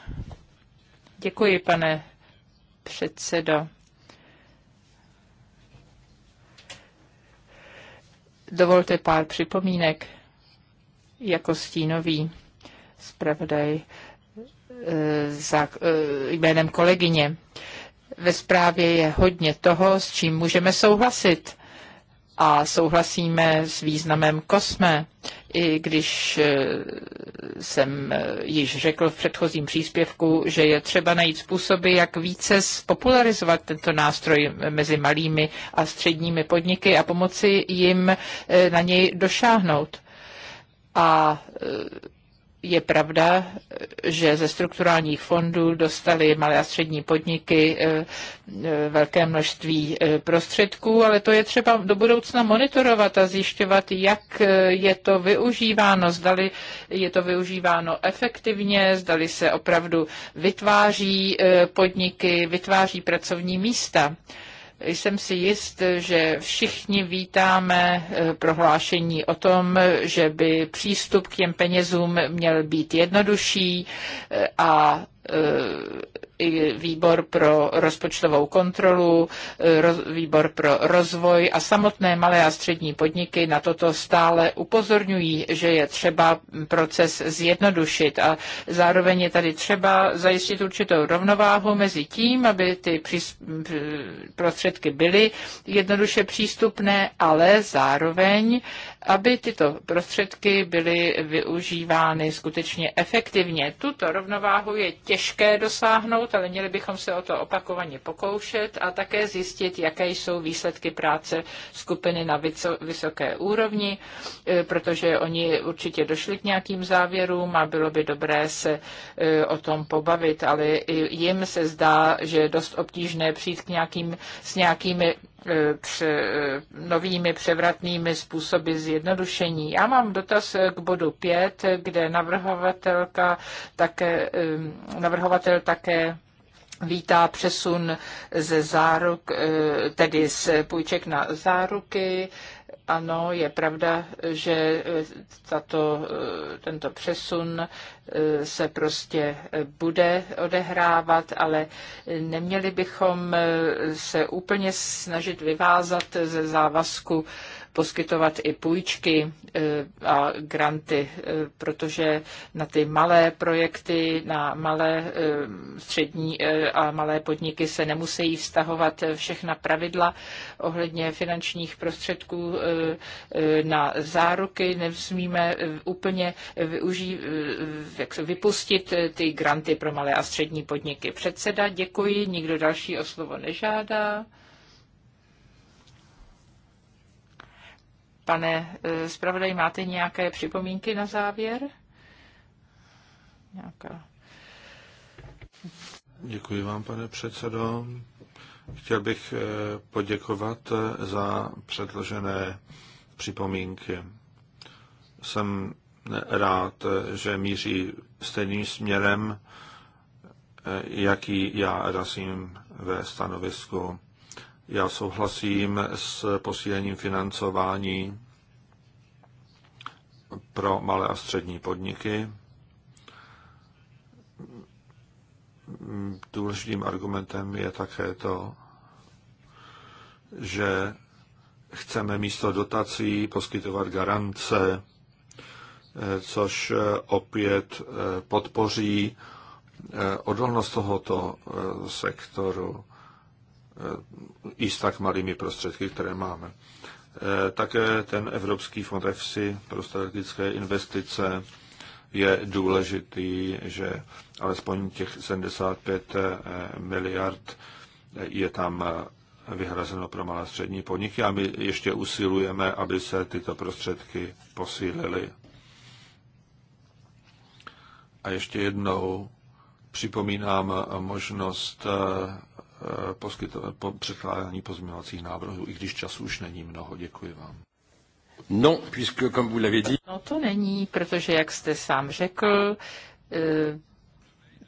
B: Děkuji, pane předsedo. Dovolte pár připomínek jako stínový zpravodaj eh, za, eh, jménem kolegyně. Ve zprávě je hodně toho, s čím můžeme souhlasit a souhlasíme s významem kosme, i když eh, jsem již řekl v předchozím příspěvku, že je třeba najít způsoby, jak více spopularizovat tento nástroj mezi malými a středními podniky a pomoci jim na něj došáhnout. A je pravda, že ze strukturálních fondů dostali malé a střední podniky eh, eh, velké množství eh, prostředků, ale to je třeba do budoucna monitorovat a zjišťovat, jak je to využíváno, zdali je to využíváno efektivně, zdali se opravdu vytváří podniky, vytváří pracovní místa. Jsem si jist, že všichni vítáme eh, prohlášení o tom, že by přístup k těm penězům měl být jednodušší eh, a eh, i výbor pro rozpočtovou kontrolu, e, roz, výbor pro rozvoj a samotné malé a střední podniky na toto stále upozorňují, že je třeba proces zjednodušit a zároveň je tady třeba zajistit určitou rovnováhu mezi tím, aby ty přís, prostředky byly jednoduše přístupné, ale zároveň aby tyto prostředky byly využívány skutečně efektivně. Tuto rovnováhu je těžké dosáhnout, ale měli bychom se o to opakovaně pokoušet a také zjistit, jaké jsou výsledky práce skupiny na vysoké úrovni, eh, protože oni určitě došli k nějakým závěrům a bylo by dobré se eh, o tom pobavit, ale jim se zdá, že je dost obtížné přijít k nějakým, s nějakými eh, pře, novými převratnými způsoby zjednodušení. Já mám dotaz k bodu 5, kde navrhovatelka také, navrhovatel také vítá přesun ze záruk, e, tedy z půjček na záruky. Ano, je pravda, že e, tato, e, tento přesun se prostě bude odehrávat, ale neměli bychom se úplně snažit vyvázat ze závazku poskytovat i půjčky eh, a granty, eh, protože na ty malé projekty, na malé eh, střední a malé podniky se nemusí vztahovat všechna pravidla ohledně finančních prostředků na záruky. Nevzmíme úplně využít, jak vypustit eh, ty granty pro malé a střední podniky. Předseda, děkuji, nikdo další o slovo nežádá. Pane eh, zpravodaj, máte nějaké připomínky na závěr?
C: Nějaká. Děkuji vám, pane předsedo. Chtěl bych eh, poděkovat za předložené připomínky. Jsem rád, že míří stejným směrem, jaký já razím ve stanovisku. Já souhlasím s posílením financování pro malé a střední podniky. Důležitým argumentem je také to, že chceme místo dotací poskytovat garance což eh, opět eh, podpoří eh, odolnost tohoto sektoru i s tak malými prostředky, které máme. Také ten Evropský fond EFSI pro strategické investice je důležitý, že alespoň těch 75 miliard je tam vyhrazeno pro malé střední podniky a my ještě usilujeme, aby se tyto prostředky posílily. A ještě jednou připomínám možnost eh, eh, poskytovat po překládání pozměňovacích návrhů, i když času už není mnoho. Děkuji vám.
A: No, puisque, comme vous l'avez dit...
B: No to není, protože, jak jste sám řekl,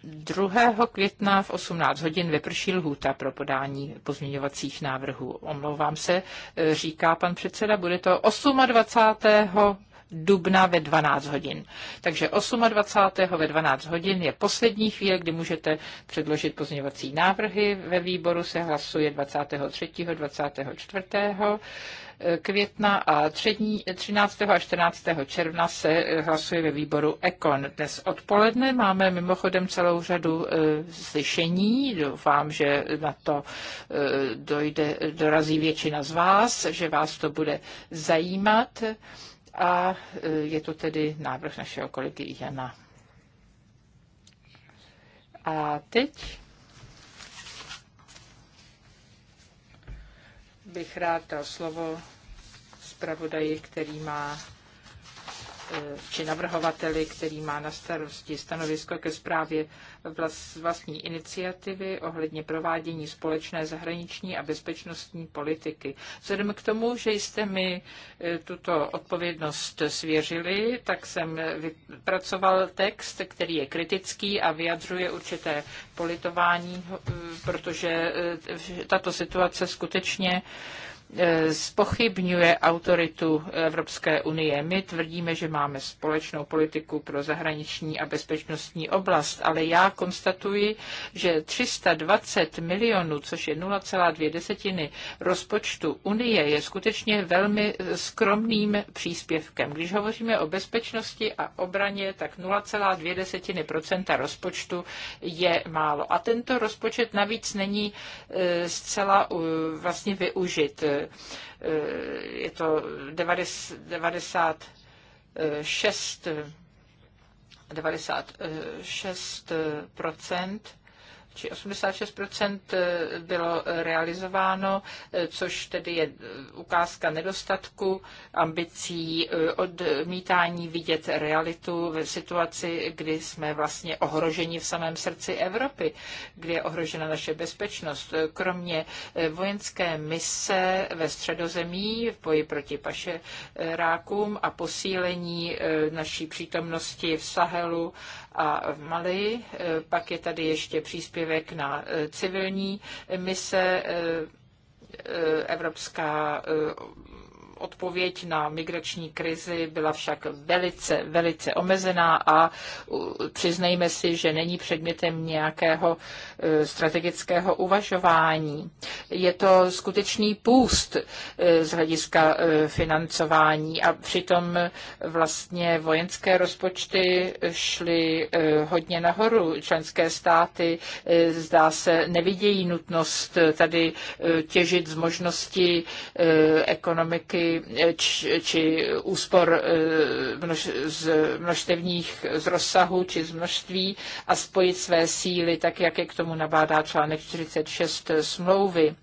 B: 2. Eh, května v 18 hodin vyprší lhůta pro podání pozměňovacích návrhů. Omlouvám se, říká pan předseda, bude to 28 dubna ve 12 hodin. Takže 28. ve 12 hodin je poslední chvíle, kdy můžete předložit pozměňovací návrhy. Ve výboru se hlasuje 23. 24. května a 13. a 14. června se hlasuje ve výboru Ekon. Dnes odpoledne máme mimochodem celou řadu e, slyšení. Doufám, že na to e, dojde, dorazí většina z vás, že vás to bude zajímat a e, je to tedy návrh našeho kolegy Jana. A teď bych rád dal slovo zpravodaji, který má či navrhovateli, který má na starosti stanovisko ke zprávě vlastní iniciativy ohledně provádění společné zahraniční a bezpečnostní politiky. Vzhledem k tomu, že jste mi e, tuto odpovědnost svěřili, tak jsem vypracoval text, který je kritický a vyjadřuje určité politování, e, protože e, tato situace skutečně Eh, spochybňuje autoritu Evropské unie. My tvrdíme, že máme společnou politiku pro zahraniční a bezpečnostní oblast, ale já konstatuji, že 320 milionů, což je 0,2 desetiny rozpočtu Unie, je skutečně velmi skromným příspěvkem. Když hovoříme o bezpečnosti a obraně, tak 0,2 desetiny procenta rozpočtu je málo. A tento rozpočet navíc není eh, zcela eh, vlastně využit Eh, je to 96, 96 či 86% eh, bylo eh, realizováno, eh, což tedy je ukázka nedostatku ambicí, odmítání vidět realitu v situaci, kdy jsme vlastně ohroženi v samém srdci Evropy, kdy je ohrožena naše bezpečnost. Kromě vojenské mise ve středozemí v boji proti pašerákům a posílení naší přítomnosti v Sahelu a v Mali. Eh, pak je tady ještě příspěvek na eh, civilní mise eh, Evropská Odpověď na migrační krizi byla však velice, velice omezená a přiznejme si, že není předmětem nějakého e, strategického uvažování. Je to skutečný půst e, z hlediska e, financování a přitom vlastně vojenské rozpočty šly hodně nahoru. Členské státy zdá se nevidějí nutnost tady těžit z možnosti ekonomiky či, či, úspor eh, množ, z množstevních z rozsahu či z množství a spojit své síly, tak jak je k tomu nabádá článek 46 smlouvy.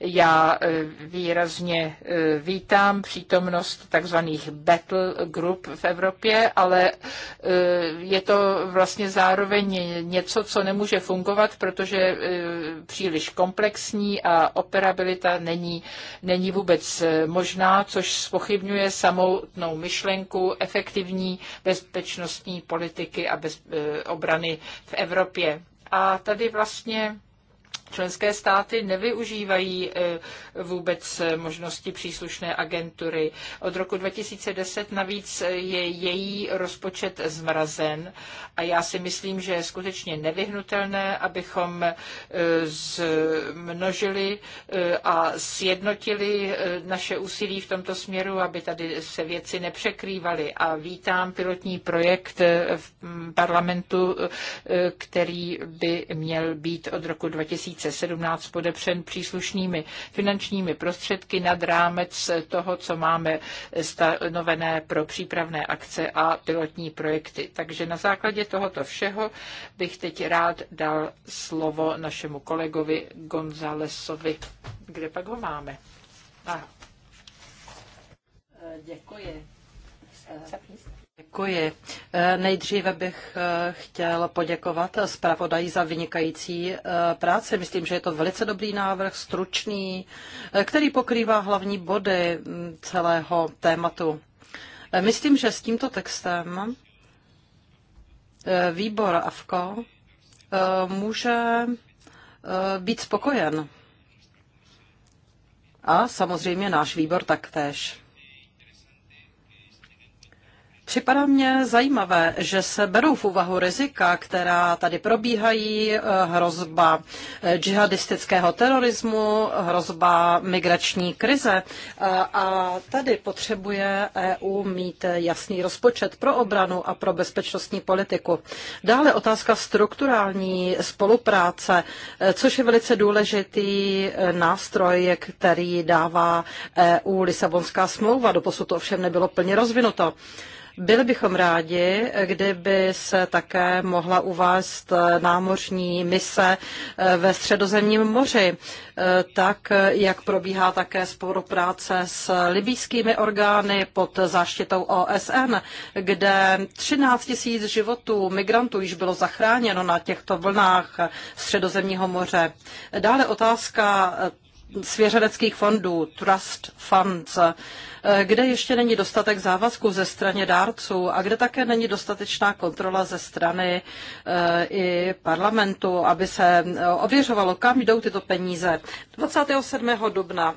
B: Já eh, výrazně eh, vítám přítomnost takzvaných battle group v Evropě, ale je to vlastně zároveň něco, co nemůže fungovat, protože příliš komplexní a operabilita není, není vůbec možná, což spochybňuje samotnou myšlenku efektivní bezpečnostní politiky a bez, e, obrany v Evropě. A tady vlastně Členské státy nevyužívají e, vůbec možnosti příslušné agentury. Od roku 2010 navíc je její rozpočet zmrazen a já si myslím, že je skutečně nevyhnutelné, abychom e, zmnožili e, a sjednotili naše úsilí v tomto směru, aby tady se věci nepřekrývaly. A vítám pilotní projekt v parlamentu, který by měl být od roku 2010 2017 podepřen příslušnými finančními prostředky nad rámec toho, co máme stanovené pro přípravné akce a pilotní projekty. Takže na základě tohoto všeho bych teď rád dal slovo našemu kolegovi Gonzalesovi. Kde pak ho máme? Aha.
D: Děkuji. Zapíst. Děkuji. Eh, nejdříve bych eh, chtěl poděkovat zpravodaji za vynikající eh, práci. Myslím, že je to velice dobrý návrh, stručný, který pokrývá hlavní body mm, celého tématu. Myslím, že s tímto textem výbor AFKO může být spokojen. A samozřejmě náš výbor taktéž. Připadá mně zajímavé, že se berou v úvahu rizika, která tady probíhají, eh, hrozba eh, džihadistického terorismu, hrozba migrační krize. Eh, a tady potřebuje EU mít jasný rozpočet pro obranu a pro bezpečnostní politiku. Dále otázka strukturální spolupráce, což je velice důležitý nástroj, který dává EU Lisabonská smlouva. Doposud to ovšem nebylo plně rozvinuto. Byli bychom rádi, kdyby se také mohla uvést námořní mise eh, ve Středozemním moři, eh, tak eh, jak probíhá také spolupráce s libýskými orgány pod záštitou OSN, kde 13 tisíc životů migrantů již bylo zachráněno na těchto vlnách Středozemního moře. Dále otázka svěřeneckých fondů, trust funds, eh, kde ještě není dostatek závazků ze strany dárců a kde také není dostatečná kontrola ze strany eh, i parlamentu, aby se eh, ověřovalo, kam jdou tyto peníze. 27. dubna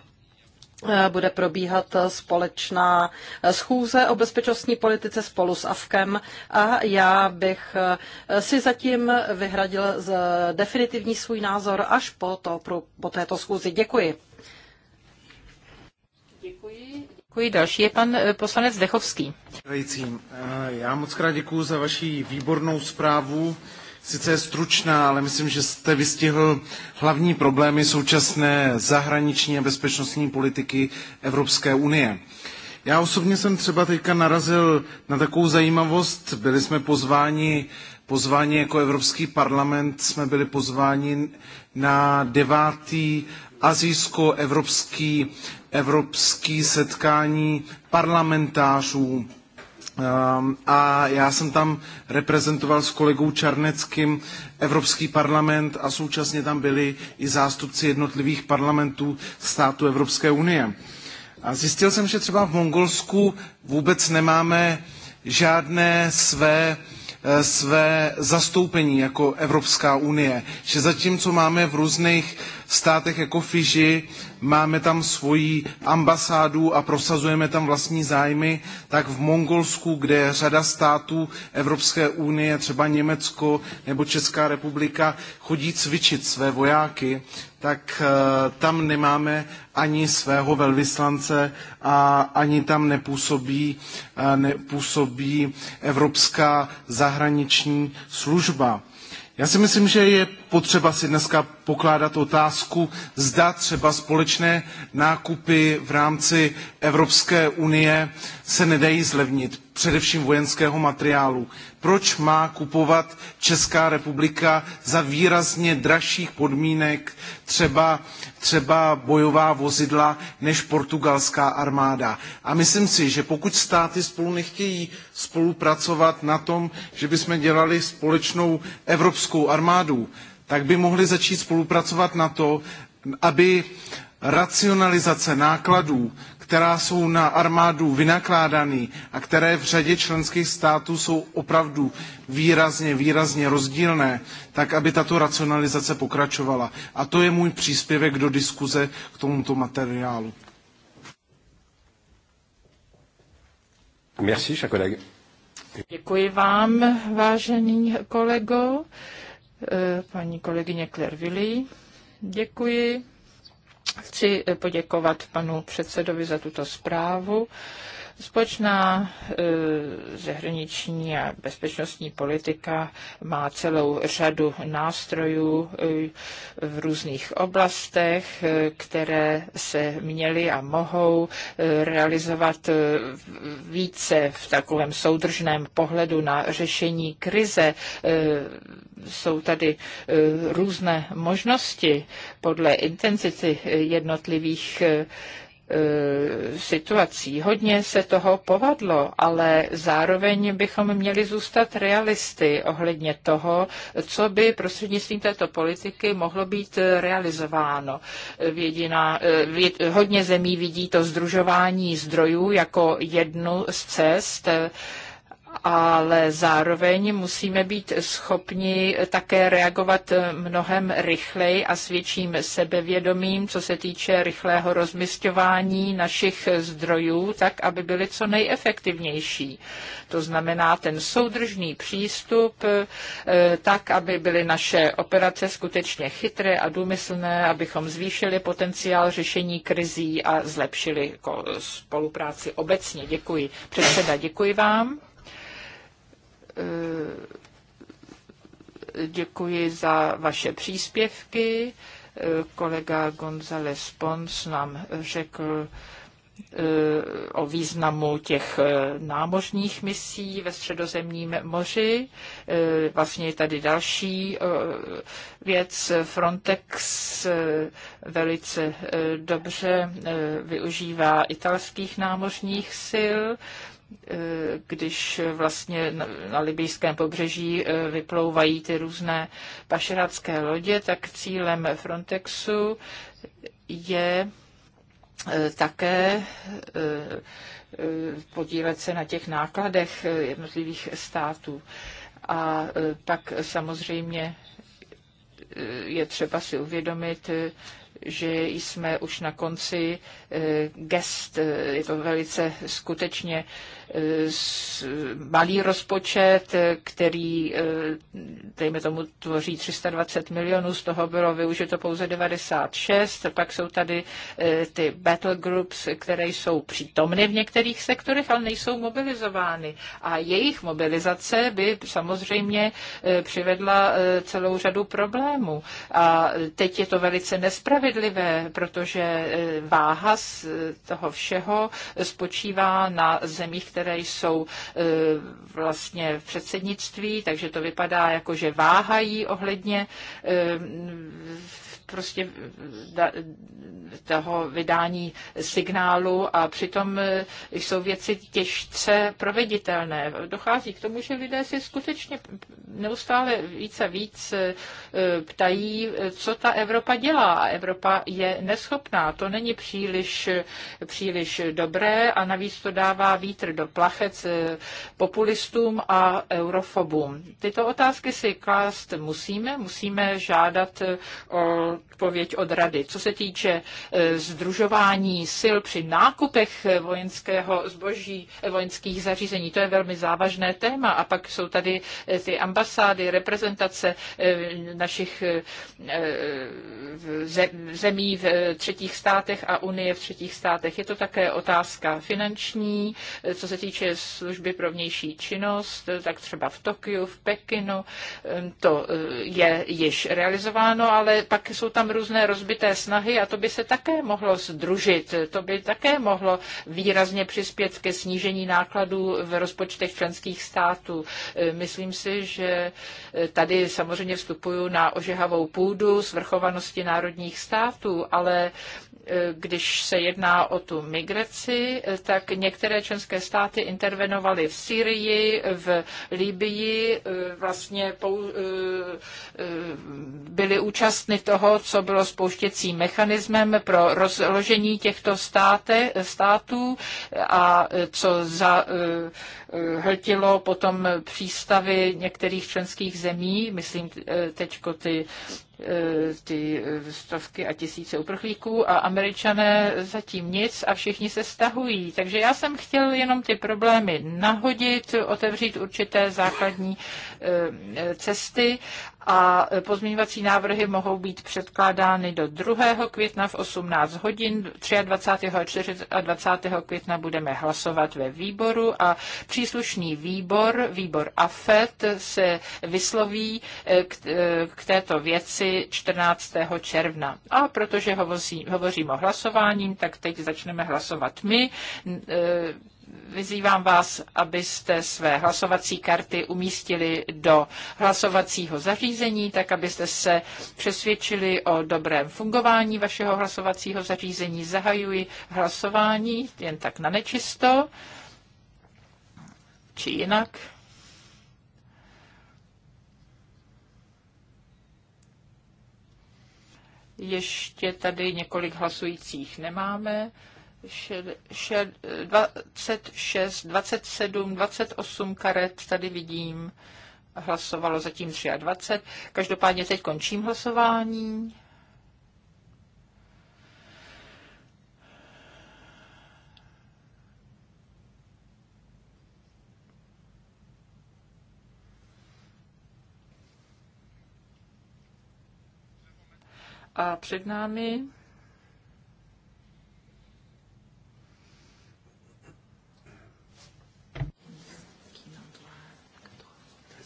D: Eh, bude probíhat společná schůze o bezpečnostní politice spolu s AFKem a já bych eh, si zatím vyhradil definitivní svůj názor až po, to, po této
A: schůzi. Děkuji. Děkuji. Děkuji. Další je pan eh, poslanec Dechovský. Já moc krát děkuji za vaši výbornou zprávu sice je stručná, ale myslím, že jste vystihl hlavní problémy současné zahraniční a bezpečnostní politiky Evropské unie. Já osobně jsem třeba teďka narazil na takovou zajímavost. Byli jsme pozváni, pozváni jako Evropský parlament, jsme byli pozváni na devátý azijsko-evropský evropský setkání parlamentářů Ehm, a já jsem tam reprezentoval s kolegou Čarneckým Evropský parlament a současně tam byli i zástupci jednotlivých parlamentů států Evropské unie. A zjistil jsem, že třeba v Mongolsku vůbec nemáme žádné své uh, Eh, své zastoupení jako Evropská unie. Že zatímco máme v různých státech jako Fiji, máme tam svoji ambasádu a prosazujeme tam vlastní zájmy, tak v Mongolsku, kde je řada států Evropské unie, třeba Německo nebo Česká republika, chodí cvičit své vojáky tak eh, tam nemáme ani svého velvyslance a ani tam nepůsobí, eh, nepůsobí Evropská zahraniční služba. Já si myslím, že je potřeba si dneska pokládat otázku, zda třeba společné nákupy v rámci Evropské unie se nedají zlevnit, především vojenského materiálu. Proč má kupovat Česká republika za výrazně dražších podmínek třeba, třeba bojová vozidla než portugalská armáda? A myslím si, že pokud státy spolu nechtějí spolupracovat na tom, že bychom dělali společnou evropskou armádu, tak by mohli začít spolupracovat na to, aby racionalizace nákladů, která jsou na armádu vynakládané a které v řadě členských států jsou opravdu výrazně, výrazně rozdílné, tak aby tato racionalizace pokračovala. A to je můj příspěvek do diskuze k tomuto materiálu. Merci,
B: Děkuji vám, vážený kolego. Eh, paní kolegyně Claire Děkuji. Chci eh, poděkovat panu předsedovi za tuto zprávu. Společná e, zahraniční a bezpečnostní politika má celou řadu nástrojů e, v různých oblastech, e, které se měly a mohou realizovat více v takovém soudržném pohledu na řešení krize. Jsou tady různé možnosti podle intenzity jednotlivých E, situací. Hodně se toho povadlo, ale zároveň bychom měli zůstat realisty ohledně toho, co by prostřednictvím této politiky mohlo být realizováno. Vědina, e, věd, hodně zemí vidí to združování zdrojů jako jednu z cest, ale zároveň musíme být schopni také reagovat mnohem rychleji a s větším sebevědomím, co se týče rychlého rozmysťování našich zdrojů, tak aby byly co nejefektivnější. To znamená ten soudržný přístup, eh, tak aby byly naše operace skutečně chytré a důmyslné, abychom zvýšili potenciál řešení krizí a zlepšili spolupráci obecně. Děkuji. Předseda, děkuji vám. Eh, děkuji za vaše příspěvky. Eh, kolega González Pons nám řekl, eh, o významu těch námořních misí ve středozemním moři. Vlastně je tady další věc. Frontex velice dobře využívá italských námořních sil Eh, když vlastně na libijském pobřeží eh, vyplouvají ty různé pašerácké lodě, tak cílem Frontexu je eh, také podílet se na těch nákladech jednotlivých států. A pak samozřejmě je třeba si uvědomit, že jsme už na konci eh, gest. Eh, je to velice skutečně eh, malý rozpočet, který, dejme tomu, tvoří 320 milionů, z toho bylo využito pouze 96, pak jsou tady ty battle groups, které jsou přítomny v některých sektorech, ale nejsou mobilizovány. A jejich mobilizace by samozřejmě přivedla celou řadu problémů. A teď je to velice nespravedlivé spravedlivé, protože eh, váha z eh, toho všeho spočívá na zemích, které jsou eh, vlastně v předsednictví, takže to vypadá jako, že váhají ohledně prostě toho vydání signálu a přitom jsou věci těžce proveditelné. Dochází k tomu, že lidé si skutečně neustále víc a víc ptají, co ta Evropa dělá. A Evropa Evropa je neschopná. To není příliš, příliš dobré a navíc to dává vítr do plachet eh, populistům a eurofobům. Tyto otázky si klást musíme, musíme žádat eh, o odpověď od rady. Co se týče eh, združování sil při nákupech vojenského zboží, vojenských zařízení, to je velmi závažné téma. A pak jsou tady ty ambasády, reprezentace našich zemí v eh, třetích státech a Unie v třetích státech. Je to také otázka finanční, eh, co se týče služby pro vnější činnost, eh, tak třeba v Tokiu, v Pekinu, to je již realizováno, ale pak jsou tam různé rozbité snahy a to by se také mohlo združit, to by také mohlo výrazně přispět ke snížení nákladů v rozpočtech členských států. Myslím si, že tady samozřejmě vstupuju na ožehavou půdu svrchovanosti národních států, států, ale e, když se jedná o tu migraci, e, tak některé členské státy intervenovaly v Syrii, v Libii, e, vlastně byly účastny toho, co bylo spouštěcím mechanismem pro rozložení těchto státe, států a co zahltilo potom přístavy některých členských zemí, myslím teďko ty Eh, ty eh, stovky a tisíce uprchlíků a američané zatím nic a všichni se stahují. Takže já jsem chtěl jenom ty problémy nahodit, otevřít určité základní eh, cesty a pozměňovací návrhy mohou být předkládány do 2. května v 18 hodin. 23. a 24. května budeme hlasovat ve výboru a příslušný výbor, výbor AFET, se vysloví eh, k, eh, k této věci 14. června. A protože hovoří, hovořím o hlasováním, tak teď začneme hlasovat my eh, Vyzývám vás, abyste své hlasovací karty umístili do hlasovacího zařízení, tak abyste se přesvědčili o dobrém fungování vašeho hlasovacího zařízení. Zahajuji hlasování jen tak na nečisto či jinak. Ještě tady několik hlasujících nemáme. 26, 27, 28 karet tady vidím. Hlasovalo zatím 23. Každopádně teď končím hlasování. A před námi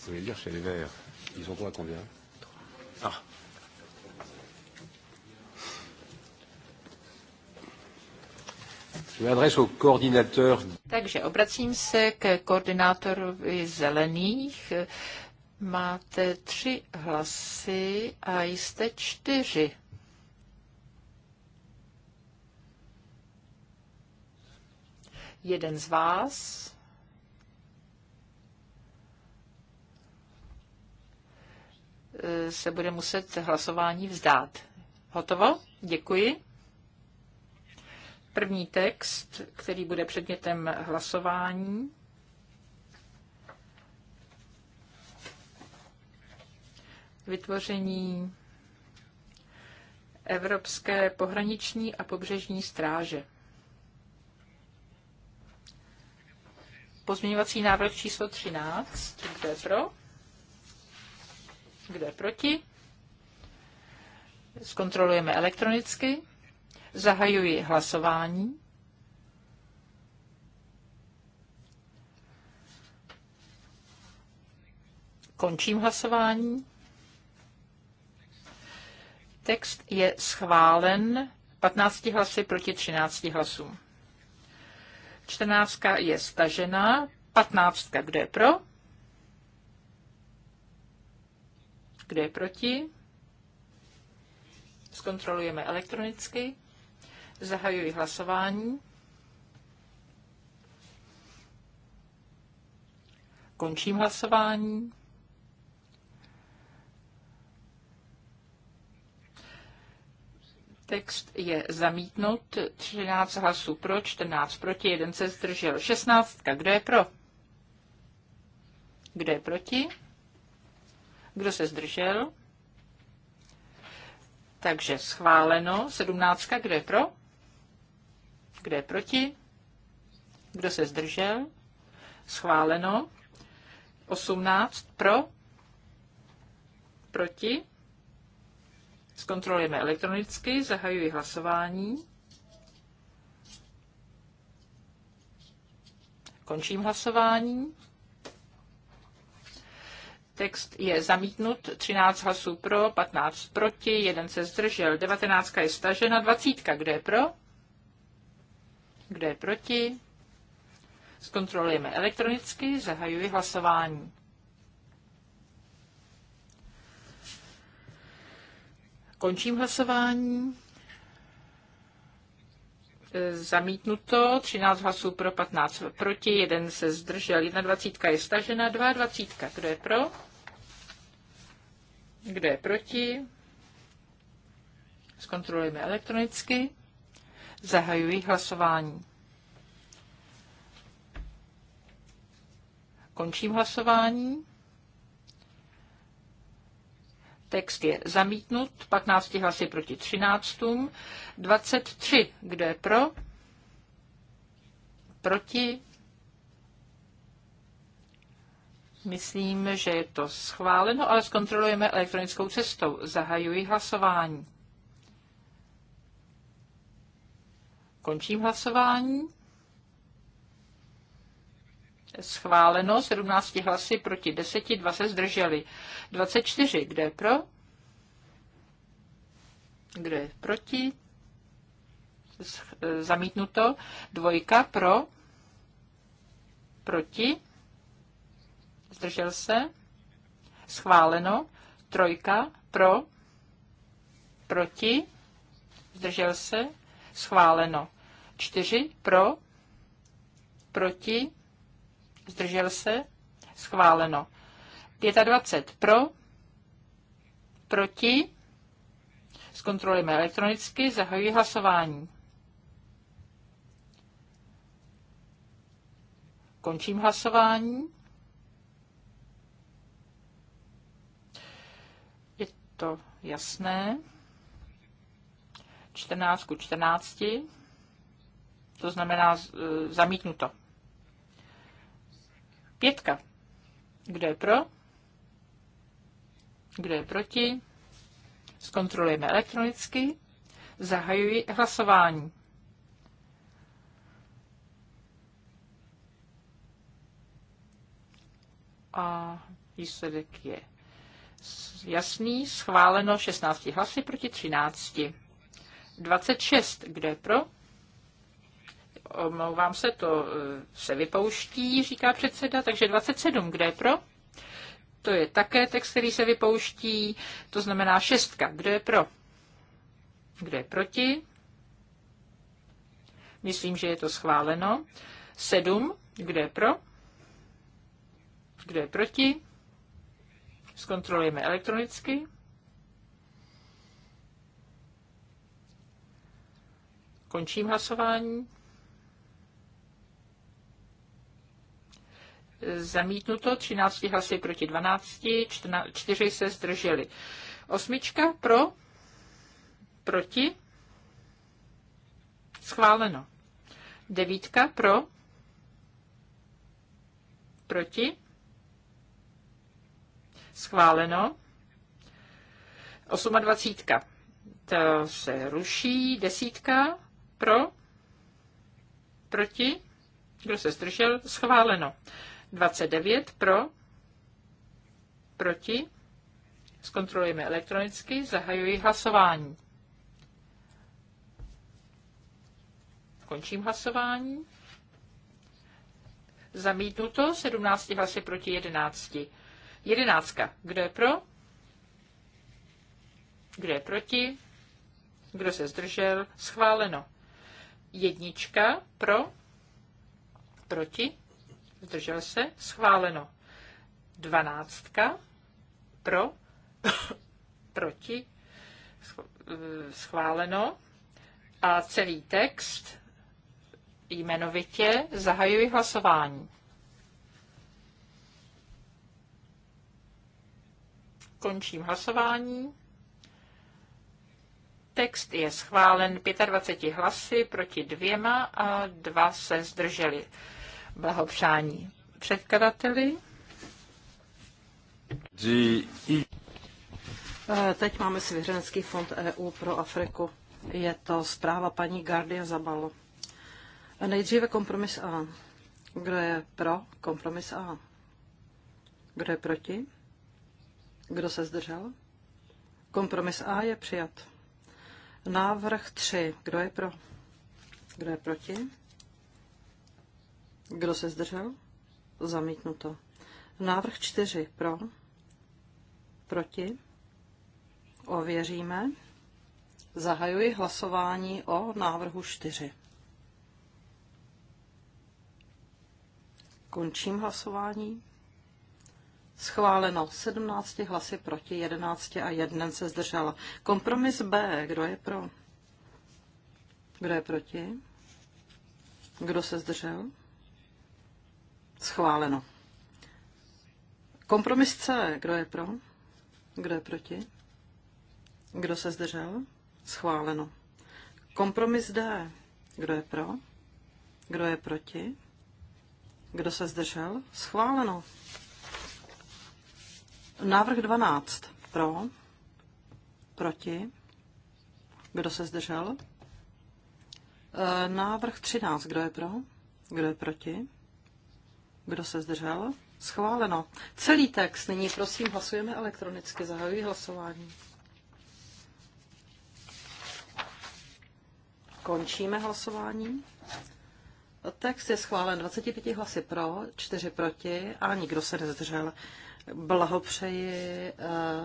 C: Je voulais dire chez les Verts, ils
A: ont droit à combien Ah
B: Takže obracím se k koordinátorovi zelených. Máte tři hlasy a jste čtyři. Jeden z vás se bude muset hlasování vzdát. Hotovo? Děkuji. První text, který bude předmětem hlasování, vytvoření Evropské pohraniční a pobřežní stráže. Pozměňovací návrh číslo 13. Kdo je pro? Kdo je proti? Zkontrolujeme elektronicky. Zahajuji hlasování. Končím hlasování. Text je schválen 15 hlasy proti 13 hlasům. 14 je stažena, 15 kdo je pro? Kdo je proti? Zkontrolujeme elektronicky. Zahajuji hlasování. Končím hlasování. Text je zamítnut. 13 hlasů pro, 14 proti, 1 se zdržel. 16. Kdo je pro? Kdo je proti? Kdo se zdržel? Takže schváleno. Sedmnáctka, kdo je pro? Kdo je proti? Kdo se zdržel? Schváleno. Osmnáct pro? Proti? Zkontrolujeme elektronicky, zahajuji hlasování. Končím hlasování. Text je zamítnut, 13 hlasů pro, 15 proti, jeden se zdržel, 19 je stažena, 20, kdo je pro? Kdo je proti? Zkontrolujeme elektronicky, zahajuji hlasování. Končím hlasování. E, zamítnuto, 13 hlasů pro, 15 proti, jeden se zdržel, 21 je stažena, 22, kdo je pro, kdo je proti, zkontrolujeme elektronicky, zahajuji hlasování. Končím hlasování. Text je zamítnut, 15 hlasy proti 13, 23, kdo je pro, proti, Myslím, že je to schváleno, ale zkontrolujeme elektronickou cestou. Zahajuji hlasování. Končím hlasování schváleno 17 hlasy proti 10, 2 se zdrželi. 24, kde je pro? Kde je proti? E, zamítnuto. Dvojka pro? Proti? Zdržel se? Schváleno. Trojka pro? Proti? Zdržel se? Schváleno. Čtyři pro? Proti? zdržel se, schváleno. 25 pro, proti, zkontrolujeme elektronicky, zahajuji hlasování. Končím hlasování. Je to jasné. 14 ku 14. To znamená e, zamítnuto. Pětka. Kdo je pro? Kdo je proti? Zkontrolujeme elektronicky. Zahajuji hlasování. A výsledek je jasný. Schváleno 16 hlasy proti 13. 26. Kdo je pro? omlouvám se, to eh, se vypouští, říká předseda, takže 27, kde je pro? To je také text, který se vypouští, to znamená šestka, kdo je pro? Kdo je proti? Myslím, že je to schváleno. Sedm, kdo je pro? Kdo je proti? Zkontrolujeme elektronicky. Končím hlasování. zamítnuto, 13 hlasy proti 12, 4 se zdrželi. Osmička pro, proti, schváleno. Devítka pro, proti, schváleno. 28. To se ruší. Desítka pro, proti, kdo se zdržel, schváleno. 29 pro, proti, zkontrolujeme elektronicky, zahajuji hlasování. Končím hlasování. Zamítnuto 17 hlasy proti 11. 11. Kdo je pro? Kdo je proti? Kdo se zdržel? Schváleno. Jednička pro? Proti? zdržel se, schváleno. Dvanáctka, pro, proti, eh, schváleno. A celý text jmenovitě zahajuji hlasování. Končím hlasování. Text je schválen 25 hlasy proti dvěma a dva se zdrželi blahopřání předkladateli.
C: E,
D: teď máme Svěřenský fond EU pro Afriku. Je to zpráva paní Gardia Zabalo. E, nejdříve kompromis A. Kdo je pro kompromis A? Kdo je proti? Kdo se zdržel? Kompromis A je přijat. Návrh 3. Kdo je pro? Kdo je proti? Kdo se zdržel? Zamítnuto. Návrh 4 pro. Proti. Ověříme. Zahajuji hlasování o návrhu 4. Končím hlasování. Schváleno 17 hlasy proti 11 a 1 se zdržela. Kompromis B. Kdo je pro? Kdo je proti? Kdo se zdržel? Schváleno. Kompromis C. Kdo je pro? Kdo je proti? Kdo se zdržel? Schváleno. Kompromis D. Kdo je pro? Kdo je proti? Kdo se zdržel? Schváleno. Návrh 12. Pro? Proti? Kdo se zdržel? Eh, návrh 13. Kdo je pro? Kdo je proti? Kdo se zdržel? Schváleno. Celý text. Nyní prosím hlasujeme elektronicky. Zahajuji hlasování. Končíme hlasování. Text je schválen 25 hlasy pro, 4 proti a nikdo se nezdržel. Blahopřeji eh,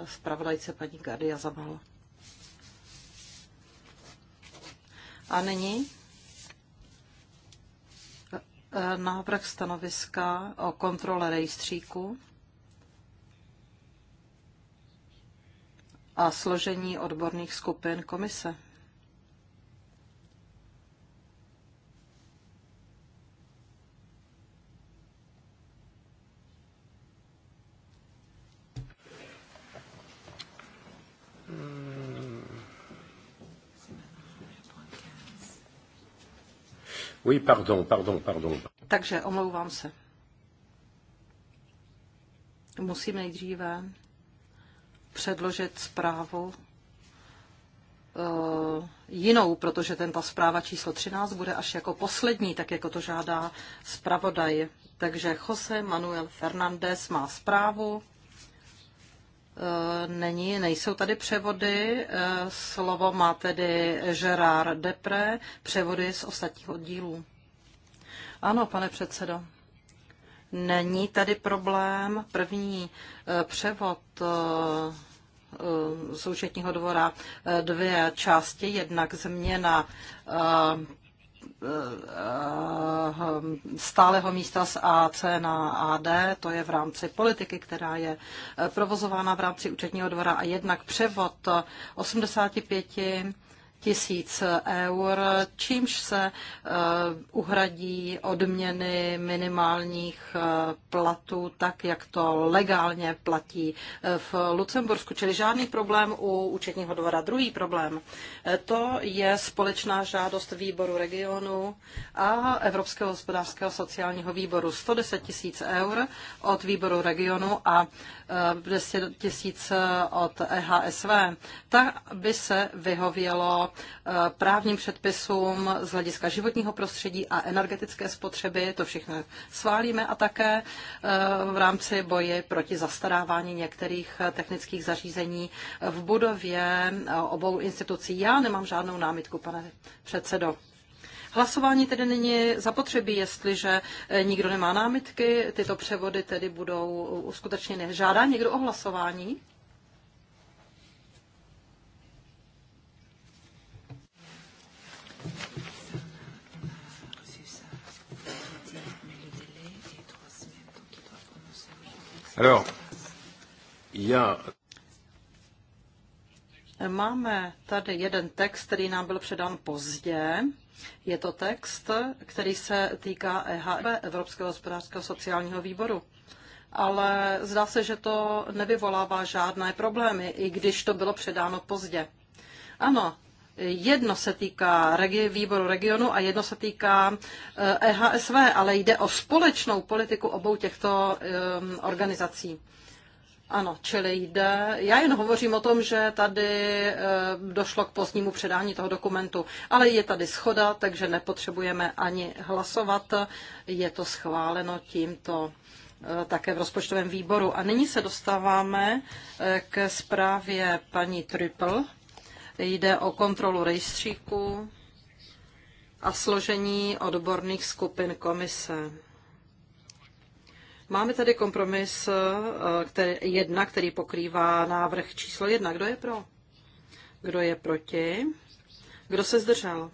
D: zpravodajce paní Gardia Zabal. A nyní E, návrh stanoviska o kontrole rejstříku a složení odborných skupin komise.
B: Oui, pardon, pardon, pardon.
D: Takže omlouvám se. Musím nejdříve předložit zprávu uh, jinou, protože ta zpráva číslo 13 bude až jako poslední, tak jako to žádá zpravodaj. Takže Jose Manuel Fernández má zprávu Eh, není, nejsou tady převody. Eh, slovo má tedy Gerard Depre, převody z ostatních oddílů. Ano, pane předsedo. Není tady problém. První eh, převod z účetního dvora dvě části. Jednak změna Eh, stáleho místa z AC na AD, to je v rámci politiky, která je eh, provozována v rámci účetního dvora a jednak převod 85 tisíc eur, čímž se eh, uhradí odměny minimálních eh, platů tak, jak to legálně platí eh, v Lucembursku. Čili žádný problém u účetního dvora. Druhý problém, to je společná žádost výboru regionu a Evropského hospodářského sociálního výboru. 110 tisíc eur od výboru regionu a 10 tisíc od EHSV. Tak by se vyhovělo Eh, právním předpisům z hlediska životního prostředí a energetické spotřeby. To všechno sválíme a také eh, v rámci boje proti zastarávání některých eh, technických zařízení v budově obou institucí. Já nemám žádnou námitku, pane předsedo. Hlasování tedy není zapotřebí, jestliže nikdo nemá námitky, tyto převody tedy budou uskutečněny. Žádá někdo o hlasování? Alors, Máme tady jeden text, který nám byl předán pozdě. Je to text, který se týká EHB, Evropského hospodářského sociálního výboru. Ale zdá se, že to nevyvolává žádné problémy, i když to bylo předáno pozdě. Ano, Jedno se týká regi- výboru regionu a jedno se týká EHSV, e ale jde o společnou politiku obou těchto eh, organizací. Ano, čili jde. Já jen hovořím o tom, že tady eh, došlo k pozdnímu předání toho dokumentu, ale je tady schoda, takže nepotřebujeme ani hlasovat. Je to schváleno tímto eh, také v rozpočtovém výboru. A nyní se dostáváme k zprávě paní Triple. Jde o kontrolu rejstříku a složení odborných skupin komise. Máme tady kompromis eh, který, jedna, který pokrývá návrh číslo jedna. Kdo je pro? Kdo je proti? Kdo se zdržel?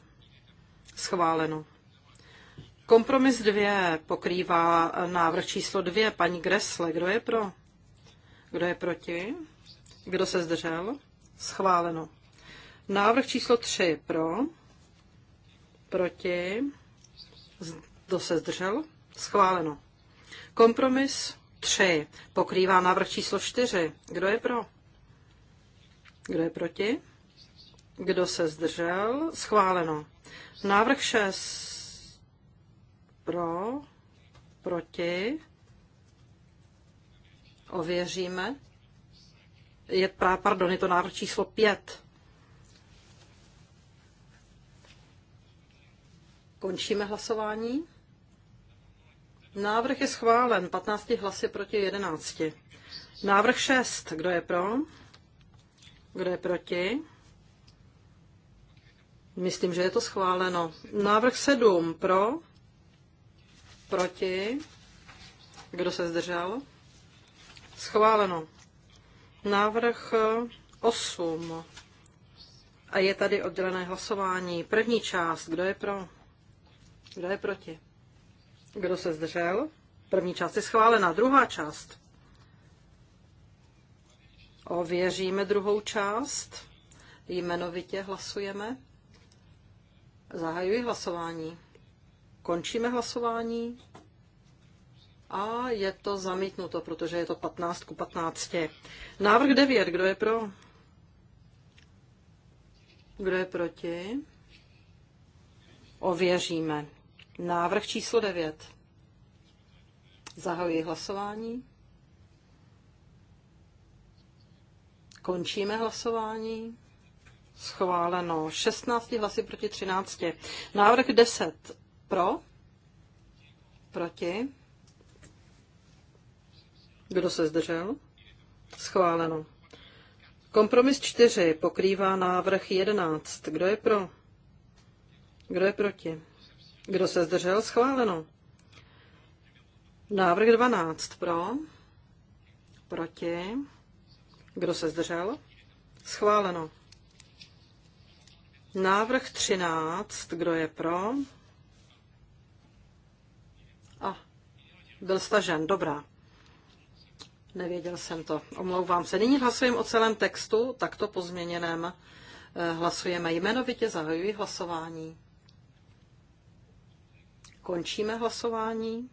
D: Schváleno. Kompromis dvě pokrývá návrh číslo dvě. Paní Gresle, kdo je pro? Kdo je proti? Kdo se zdržel? Schváleno. Návrh číslo 3 pro, proti, kdo se zdržel? Schváleno. Kompromis 3 pokrývá návrh číslo 4. Kdo je pro? Kdo je proti? Kdo se zdržel? Schváleno. Návrh 6 pro, proti, ověříme. Je, pardon, je to návrh číslo 5. Končíme hlasování. Návrh je schválen 15 hlasy proti 11. Návrh 6. Kdo je pro? Kdo je proti? Myslím, že je to schváleno. Návrh 7. Pro? Proti? Kdo se zdržel? Schváleno. Návrh 8. A je tady oddělené hlasování. První část. Kdo je pro? Kdo je proti? Kdo se zdržel? První část je schválena. Druhá část. Ověříme druhou část. Jmenovitě hlasujeme. Zahajuji hlasování. Končíme hlasování. A je to zamítnuto, protože je to 15 ku 15. Návrh 9. Kdo je pro? Kdo je proti? Ověříme. Návrh číslo 9. Zahajuji hlasování. Končíme hlasování. Schváleno 16 hlasy proti 13. Návrh 10 pro, proti. Kdo se zdržel? Schváleno. Kompromis 4 pokrývá návrh 11. Kdo je pro? Kdo je proti? Kdo se zdržel? Schváleno. Návrh 12 pro, proti, kdo se zdržel? Schváleno. Návrh 13, kdo je pro? A, byl stažen, dobrá. Nevěděl jsem to, omlouvám se. Nyní hlasujeme o celém textu, takto pozměněném. Eh, hlasujeme jmenovitě, zahajuji hlasování. Končíme hlasování.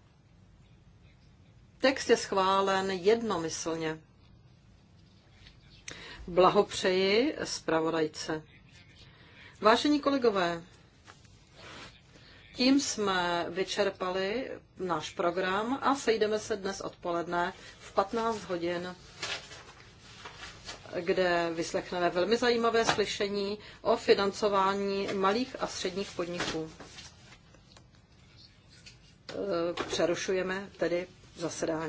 D: Text je schválen jednomyslně. Blahopřeji zpravodajce. Vážení kolegové, tím jsme vyčerpali náš program a sejdeme se dnes odpoledne v 15 hodin, kde vyslechneme velmi zajímavé slyšení o financování malých a středních podniků. Eh, přerušujeme tedy zasedání.